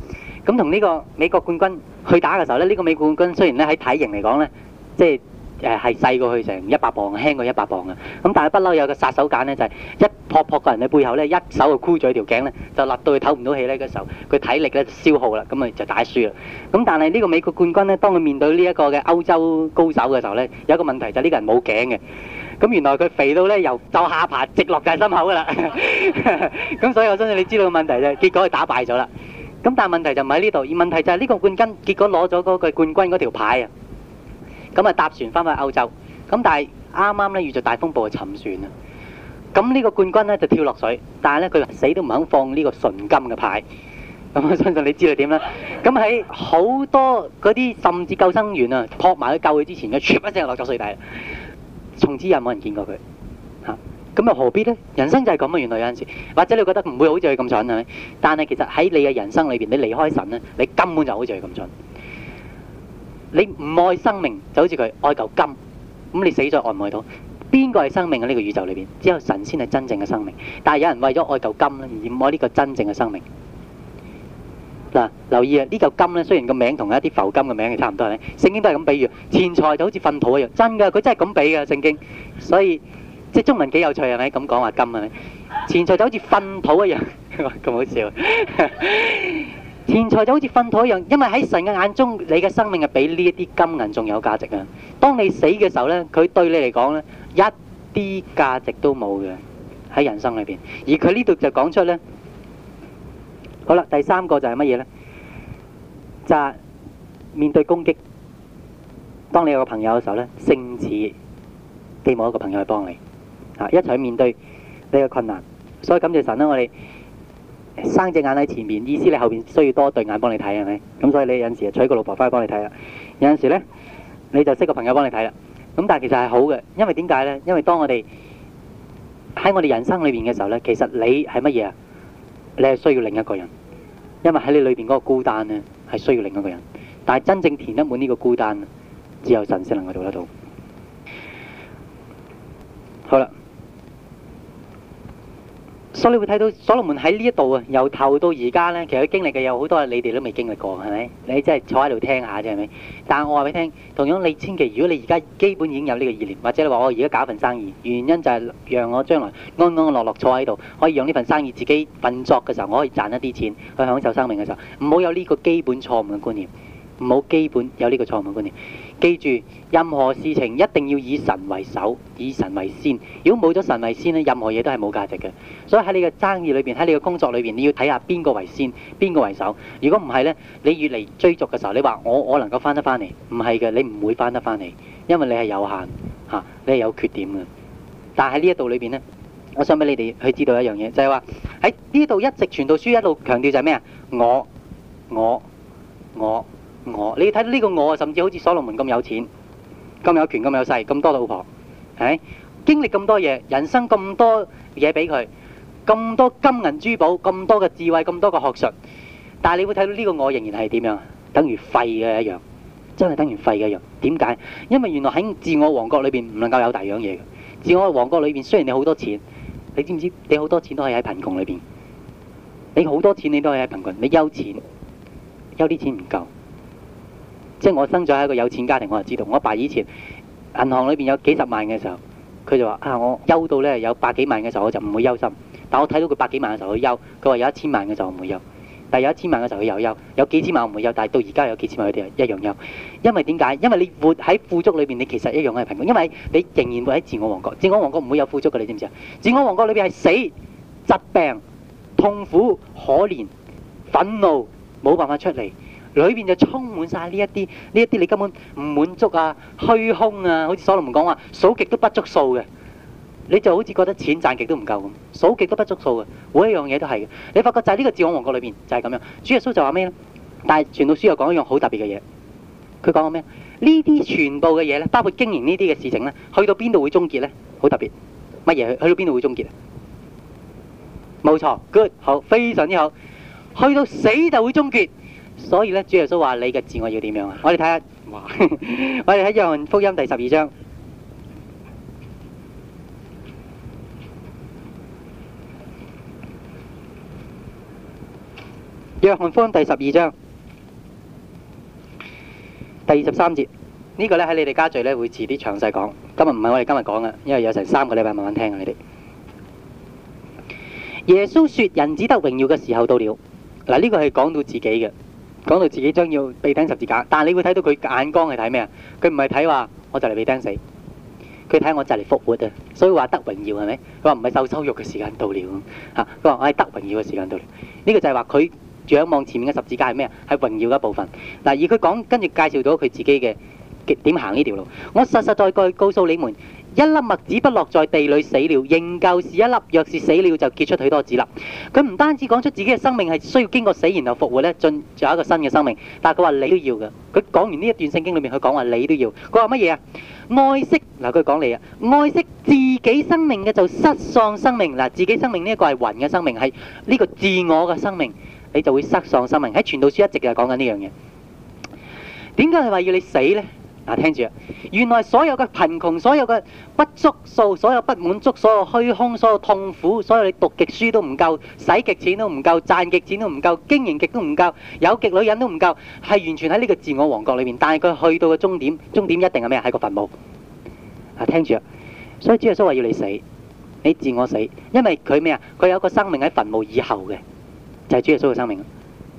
咁同呢個美國冠軍去打嘅時候呢，呢、呢個美國冠軍雖然呢喺體型嚟講咧，最誒係細過佢成一百磅，輕過一百磅啊！咁但係不嬲有個殺手鐧咧，就係一撲撲個人嘅背後咧，一手就箍住條頸咧，就勒到佢唞唔到氣咧，嗰時候，佢體力咧消耗啦，咁咪就打輸啦。咁但係呢個美國冠軍咧，當佢面對呢一個嘅歐洲高手嘅時候咧，有個問題就係呢個人冇頸嘅，咁原來佢肥到咧由就下爬直落曬心口噶啦。咁所以我相信你知道個問題就係，結果佢打敗咗啦。咁但係問題就唔喺呢度，而問題就係呢個冠軍結果攞咗嗰個冠軍嗰條牌啊！咁啊搭船翻去歐洲，咁但係啱啱咧遇著大風暴嘅沉船啊，咁呢個冠軍咧就跳落水，但係咧佢死都唔肯放呢個純金嘅牌，咁我相信你知道點啦。咁喺好多嗰啲甚至救生員啊撲埋去救佢之前嘅，全部都成落咗水底，從此又冇人見過佢嚇。咁又何必咧？人生就係咁啊！原來有陣時，或者你覺得唔會好似佢咁蠢係咪？但係其實喺你嘅人生裏邊，你離開神咧，你根本就好似佢咁蠢。你唔愛生命就好似佢愛嚿金，咁你死咗愛唔愛到？邊個係生命啊？呢個宇宙裏邊只有神先係真正嘅生命，但係有人為咗愛嚿金咧而唔愛呢個真正嘅生命嗱。留意啊，呢嚿金咧雖然個名同一啲浮金嘅名係差唔多，係咪？聖經都係咁比喻，錢財就好似糞土一樣，真㗎，佢真係咁比㗎聖經。所以即係中文幾有趣係咪？咁講話金係咪？錢財就好似糞土一樣，咁好笑。錢財就好似糞土一樣，因為喺神嘅眼中，你嘅生命係比呢一啲金銀仲有價值啊！當你死嘅時候咧，佢對你嚟講咧一啲價值都冇嘅，喺人生裏邊。而佢呢度就講出咧，好啦，第三個就係乜嘢咧？就面對攻擊，當你有個朋友嘅時候咧，聖子寄望一個朋友去幫你啊，一齊去面對你嘅困難。所以感謝神啦，我哋。生隻眼喺前面，意思是你後邊需要多對對眼幫你睇，係咪？咁所以你有陣時就，娶個老婆翻去幫你睇啦。有陣時呢，你就識個朋友幫你睇啦。咁但係其實係好嘅，因為點解呢？因為當我哋喺我哋人生裏面嘅時候呢，其實你係乜嘢啊？你係需要另一個人，因為喺你裏面嗰個孤單呢，係需要另一個人。但係真正填得滿呢個孤單，只有神先能夠做得到。好啦。所以你會睇到所羅門喺呢一度啊，由頭到而家呢，其實佢經歷嘅有好多你哋都未經歷過，係咪？你即係坐喺度聽一下啫，係咪？但係我話俾你聽，同樣你千祈如果你而家基本已經有呢個意念，或者你話我而家搞一份生意，原因就係讓我將來安安樂樂，坐喺度，可以讓呢份生意自己運作嘅時候，我可以賺一啲錢，去享受生命嘅時候，唔好有呢個基本錯誤嘅觀念，唔好基本有呢個錯誤嘅觀念。記住，任何事情一定要以神為首，以神為先。如果冇咗神為先咧，任何嘢都係冇價值嘅。所以喺你嘅爭議裏邊，喺你嘅工作裏邊，你要睇下邊個為先，邊個為首。如果唔係呢，你越嚟追逐嘅時候，你話我我能夠翻得翻嚟，唔係嘅，你唔會翻得翻嚟，因為你係有限㗎，你係有缺點嘅。但係喺呢一度裏邊呢，我想俾你哋去知道一樣嘢，就係話喺呢度一直傳道書一路強調就係咩啊？我我我。我我，你睇到呢個我甚至好似所羅門咁有錢，咁有權，咁有勢，咁多老婆，係咪？經歷咁多嘢，人生咁多嘢俾佢，咁多金銀珠寶，咁多嘅智慧，咁多嘅學術，但係你會睇到呢個我仍然係點樣？等於廢嘅一樣，真係等於廢嘅一樣。點解？因為原來喺自我王國裏邊唔能夠有第二樣嘢。自我王國裏邊雖然你好多錢，你知唔知？你好多錢都係喺貧窮裏邊。你好多錢你都係喺貧窮，你憂錢，憂啲錢唔夠。即係我生咗喺一個有錢家庭，我就知道。我爸爸以前銀行裏邊有幾十萬嘅時候，佢就話：啊，我憂到咧有百幾萬嘅時候，我就唔會憂心。但我睇到佢百幾萬嘅時候，佢憂，佢話有一千萬嘅時候就唔會憂。但係有一千萬嘅時候佢又憂，有幾千萬我唔會憂。但係到而家有幾千萬佢哋一樣憂。因為點解？因為你活喺富足裏邊，你其實一樣係貧窮。因為你仍然會喺自我王國。自我王國唔會有富足嘅，你知唔知啊？自我王國裏邊係死、疾病、痛苦、可憐、憤怒，冇辦法出嚟。裏面就充滿晒呢一啲呢一啲，這些你根本唔滿足啊，虛空啊，好似所羅門講話數極都不足數嘅，你就好似覺得錢賺極都唔夠咁，數極都不足數嘅，每一樣嘢都係嘅。你發覺就係呢個自我王國裏面，就係、是、咁樣。主耶穌就話咩呢？但係傳道書又講一樣好特別嘅嘢，佢講過咩？呢啲全部嘅嘢咧，包括經營呢啲嘅事情咧，去到邊度會終結咧？好特別，乜嘢去到邊度會終結？冇錯，Good，好，非常之好，去到死就會終結。所以呢，主耶穌話你嘅自我要點樣啊？我哋睇下，我哋喺約翰福音第十二章，約翰福音第十二章第二十三節呢個呢喺你哋家聚呢會遲啲詳細講。今日唔係我哋今日講嘅，因為有成三個禮拜慢慢聽啊，你哋。耶穌說：人只得榮耀嘅時候到了。嗱，呢個係講到自己嘅。講到自己將要被釘十字架，但係你會睇到佢眼光係睇咩啊？佢唔係睇話我就嚟被釘死，佢睇我就嚟復活啊！所以話得榮耀係咪？佢話唔係受羞辱嘅時間到了，嚇！佢話我係得榮耀嘅時間到了。呢個就係話佢仰望前面嘅十字架係咩啊？係榮耀嘅一部分。嗱，而佢講跟住介紹到佢自己嘅點行呢條路。我實實在在告訴你們。一粒麥子不落在地裏死了，仍舊是一粒；若是死了就結出許多子粒。佢唔單止講出自己嘅生命係需要經過死然後復活呢，進仲有一個新嘅生命。但係佢話你都要嘅。佢講完呢一段聖經裏面，佢講話你都要。佢話乜嘢啊？愛惜嗱，佢講你啊，愛惜自己生命嘅就失喪生命。嗱，自己生命呢一個係魂嘅生命，係呢個自我嘅生命，你就會失喪生命。喺傳道書一直就講緊呢樣嘢。點解係話要你死呢？啊，聽住，原來所有嘅貧窮，所有嘅不足數，所有不滿足，所有虛空，所有痛苦，所有你讀極書都唔夠，使極錢都唔夠，賺極錢都唔夠，經營極都唔夠，有極女人都唔夠，係完全喺呢個自我王國裏面。但係佢去到嘅終點，終點一定係咩啊？係個墳墓。啊，聽住，所以主耶穌話要你死，你自我死，因為佢咩啊？佢有一個生命喺墳墓以後嘅，就係主耶穌嘅生命。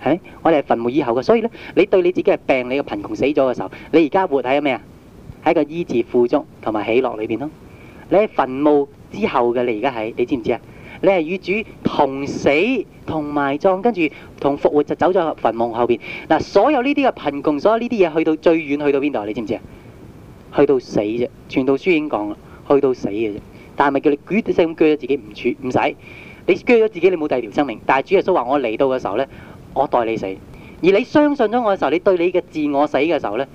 誒，我哋係墳墓以後嘅，所以咧，你對你自己係病，你嘅貧窮死咗嘅時候，你而家活喺咩啊？喺個醫治富足同埋喜樂裏邊咯。你喺墳墓之後嘅，你而家喺你知唔知啊？你係與主同死同埋葬，跟住同復活，就走咗墳墓後邊嗱。所有呢啲嘅貧窮，所有呢啲嘢去到最遠去到邊度啊？你知唔知啊？去到死啫。傳道書已經講啦，去到死嘅啫。但係咪叫你舉得聲咁鋸咗自己唔住唔使？你鋸咗自己，你冇第二條生命。但係主耶穌話：我嚟到嘅時候咧。我代你死，而你相信咗我嘅時候，你對你嘅自我死嘅時候咧，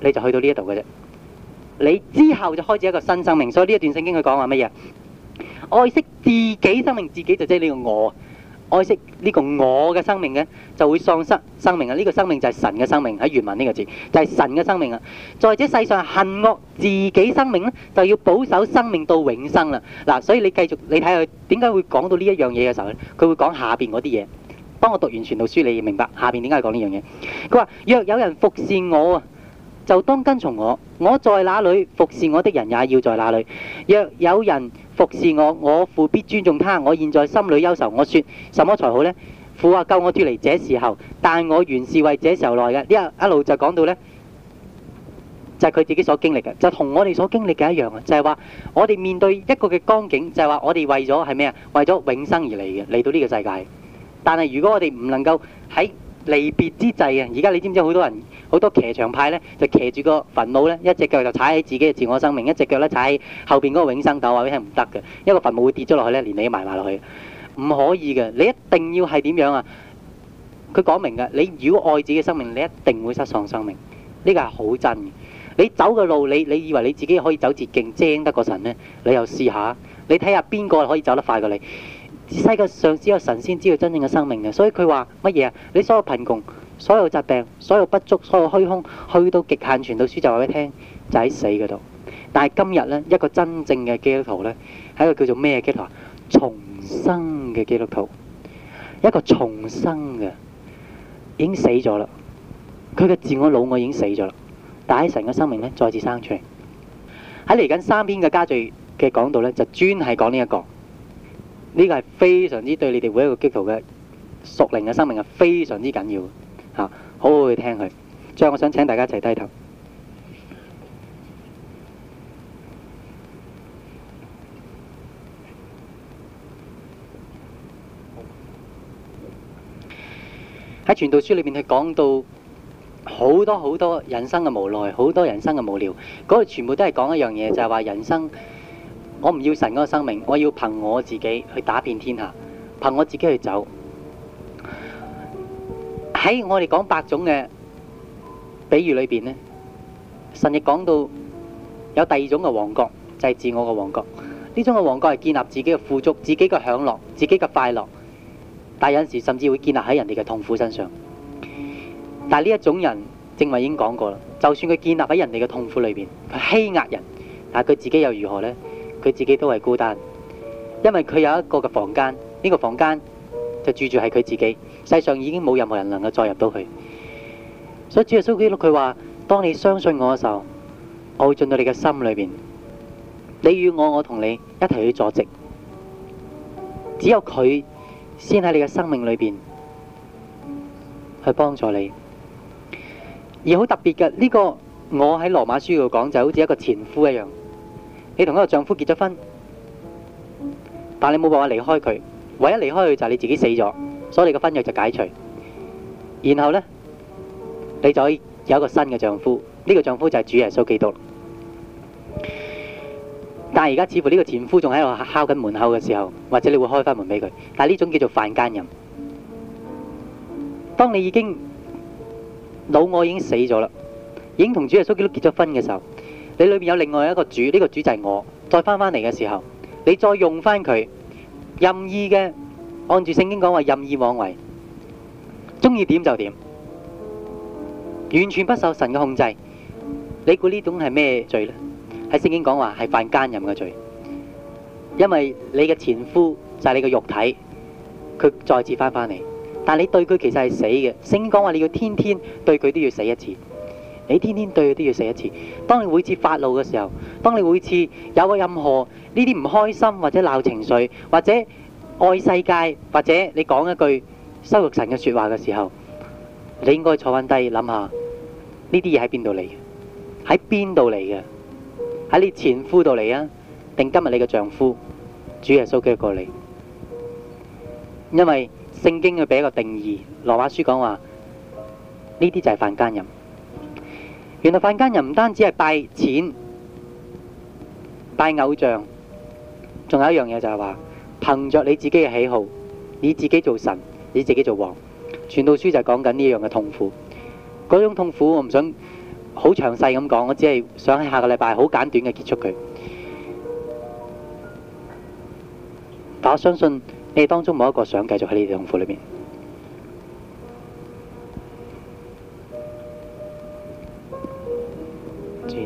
你就去到呢一度嘅啫。你之後就開始一個新生命，所以呢一段聖經佢講話乜嘢？愛惜自己生命，自己就即係呢個我，愛惜呢個我嘅生命呢，就會喪失生命啊！呢個生命就係神嘅生命，喺原文呢個字，就係神嘅生命啊！再者世上恨惡自己生命咧，就要保守生命到永生啦。嗱，所以你繼續你睇下佢點解會講到呢一樣嘢嘅時候咧，佢會講下面嗰啲嘢。幫我讀完全套書，你明白下邊點解講呢樣嘢？佢話：若有人服侍我啊，就當跟從我；我在哪裏服侍我的人，也要在哪裏。若有人服侍我，我父必尊重他。我現在心裏憂愁，我說什麼才好呢？父啊，救我脱離這時候，但我原是為這時候來嘅。呢一一路就講到呢，就係佢自己所經歷嘅，就同我哋所經歷嘅一樣啊！就係話我哋面對一個嘅光景，就係話我哋為咗係咩啊？為咗永生而嚟嘅，嚟到呢個世界。但係如果我哋唔能夠喺離別之際啊，而家你知唔知好多人好多騎牆派呢，就騎住個墳墓呢，一隻腳就踩喺自己嘅自我生命，一隻腳咧踩喺後邊嗰個永生豆，話俾你唔得嘅，因為墳墓會跌咗落去咧，連你埋埋落去，唔可以嘅。你一定要係點樣啊？佢講明嘅，你如果愛自己嘅生命，你一定會失喪生命。呢個係好真嘅。你走嘅路，你你以為你自己可以走捷徑，精得過神呢？你又試一下，你睇下邊個可以走得快過你。世界上只有神先知道真正嘅生命嘅，所以佢話乜嘢啊？你所有貧窮、所有疾病、所有不足、所有虛空，去到極限，傳道書就話俾你聽，就喺死嗰度。但係今日呢，一個真正嘅基督徒呢，喺一個叫做咩基督徒、啊？重生嘅基督徒，一個重生嘅，已經死咗啦。佢嘅自我老我已經死咗啦，但喺神嘅生命呢，再次生出嚟。喺嚟緊三篇嘅家序嘅講道呢，就專係講呢、這、一個。呢個係非常之對你哋每一個基督徒嘅屬靈嘅生命係非常之緊要嘅，嚇好好去聽佢。最後我想請大家一齊低頭。喺傳道書裏面佢講到好多好多人生嘅無奈，好多人生嘅無聊，嗰度全部都係講一樣嘢，就係話人生。我唔要神嗰個生命，我要憑我自己去打遍天下，憑我自己去走。喺我哋講八種嘅比喻裏邊咧，神亦講到有第二種嘅王國，就係自我嘅王國。呢種嘅王國係建立自己嘅富足、自己嘅享樂、自己嘅快樂，但有時甚至會建立喺人哋嘅痛苦身上。但係呢一種人，正話已經講過啦，就算佢建立喺人哋嘅痛苦裏邊，佢欺壓人，但係佢自己又如何呢？佢自己都係孤單，因為佢有一個嘅房間，呢個房間就住住係佢自己，世上已經冇任何人能夠再入到去。所以主耶穌基督佢話：當你相信我嘅時候，我會進到你嘅心裏邊，你與我，我同你一齊去坐席。只有佢先喺你嘅生命裏邊去幫助你。而好特別嘅呢個，我喺羅馬書度講，就好似一個前夫一樣。你同一個丈夫結咗婚，但係你冇辦法離開佢，唯一離開佢就係你自己死咗，所以你個婚約就解除。然後呢，你就可以有一個新嘅丈夫，呢個丈夫就係主耶穌基督。但係而家似乎呢個前夫仲喺度敲緊門口嘅時候，或者你會開翻門俾佢，但係呢種叫做犯姦淫。當你已經老我已經死咗啦，已經同主耶穌基督結咗婚嘅時候。你裏面有另外一個主，呢個主就係我。再返返嚟嘅時候，你再用翻佢任意嘅，按住聖經講話任意妄為，中意點就點，完全不受神嘅控制。你估呢種係咩罪呢？喺聖經講話係犯奸淫嘅罪，因為你嘅前夫就係你嘅肉體，佢再次返返嚟，但你對佢其實係死嘅。聖經講話你要天天對佢都要死一次。你天天對佢都要死一次。當你每次發怒嘅時候，當你每次有個任何呢啲唔開心或者鬧情緒，或者愛世界，或者你講一句羞辱神嘅説話嘅時候，你應該坐返低諗下呢啲嘢喺邊度嚟？喺邊度嚟嘅？喺你前夫度嚟啊，定今日你嘅丈夫主耶穌基督過嚟？因為聖經佢俾一個定義，羅馬書講話呢啲就係犯奸淫。原來凡間人唔單止係拜錢、拜偶像，仲有一樣嘢就係話，憑着你自己嘅喜好，你自己做神，你自己做王。傳道書就係講緊呢樣嘅痛苦，嗰種痛苦我唔想好詳細咁講，我只係想喺下個禮拜好簡短嘅結束佢。但我相信你哋當中冇一個想繼續喺呢種痛苦裏面。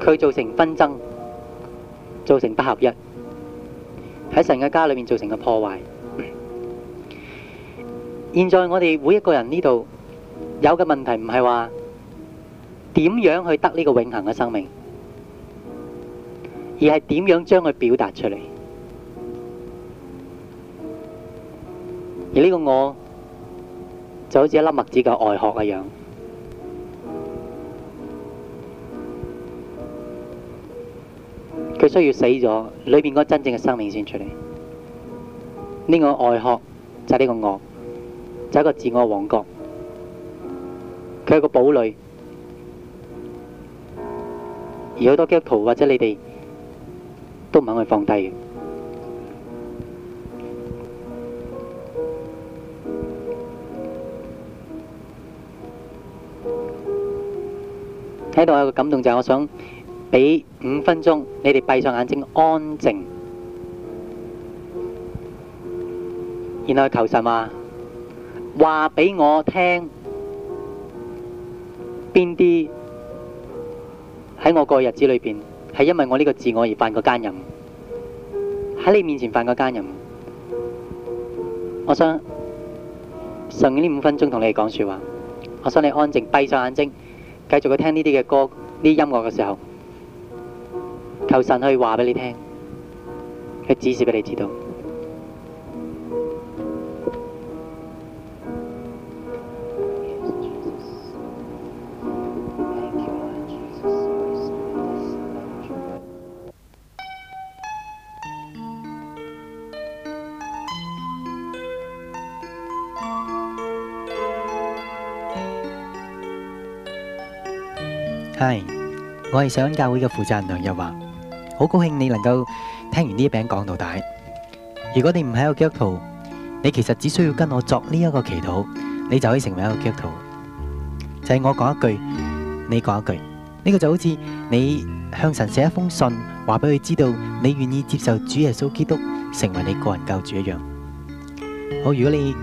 佢造成紛爭，造成不合一，喺神嘅家裏面造成個破壞。現在我哋每一個人呢度有嘅問題，唔係話點樣去得呢個永恆嘅生命，而係點樣將佢表達出嚟。而呢個我就好似一粒麥子嘅外殼一樣。佢需要死咗，裏邊嗰真正嘅生命先出嚟。呢個外殼就係呢個惡，就係一個自我王國。佢係個堡壘，而好多基督徒或者你哋都唔肯去放低。喺度有個感動就係我想，俾五分鐘，你哋閉上眼睛安靜，然後求神啊，話俾我聽邊啲喺我個日子裏面係因為我呢個自我而犯過奸淫，喺你面前犯過奸淫。我想神呢五分鐘同你哋講說話，我想你安靜閉上眼睛，繼續去聽呢啲嘅歌，呢啲音樂嘅時候。求神可以話俾你聽，佢指示俾你知道。係，我係錫安教會嘅負責人梁日華。好高興你能夠聽完呢一篇講道。如果你唔喺個基督徒，你其實只需要跟我作呢一個祈禱，你就可以成為一個基督徒。就係我講一句，你講一句，呢個就好似你向神寫一封信，話俾佢知道你願意接受主耶穌基督成為你個人救主一樣。好，如果你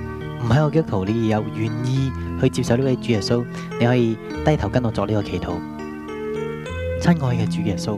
唔喺個基督徒，你又願意去接受呢位主耶穌，你可以低頭跟我作呢個祈禱。親愛嘅主耶穌。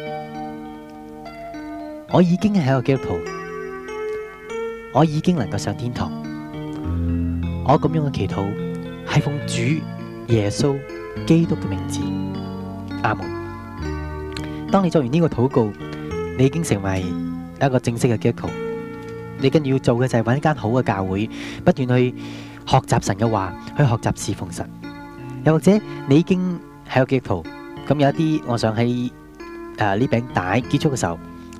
我已經係一個基督徒，我已經能夠上天堂。我咁樣嘅祈禱係奉主耶穌基督嘅名字，阿門。當你做完呢個禱告，你已經成為一個正式嘅基督徒。你跟住要做嘅就係揾一間好嘅教會，不斷去學習神嘅話，去學習侍奉神。又或者你已經係個基督徒，咁有一啲，我想喺誒呢餅帶結束嘅時候。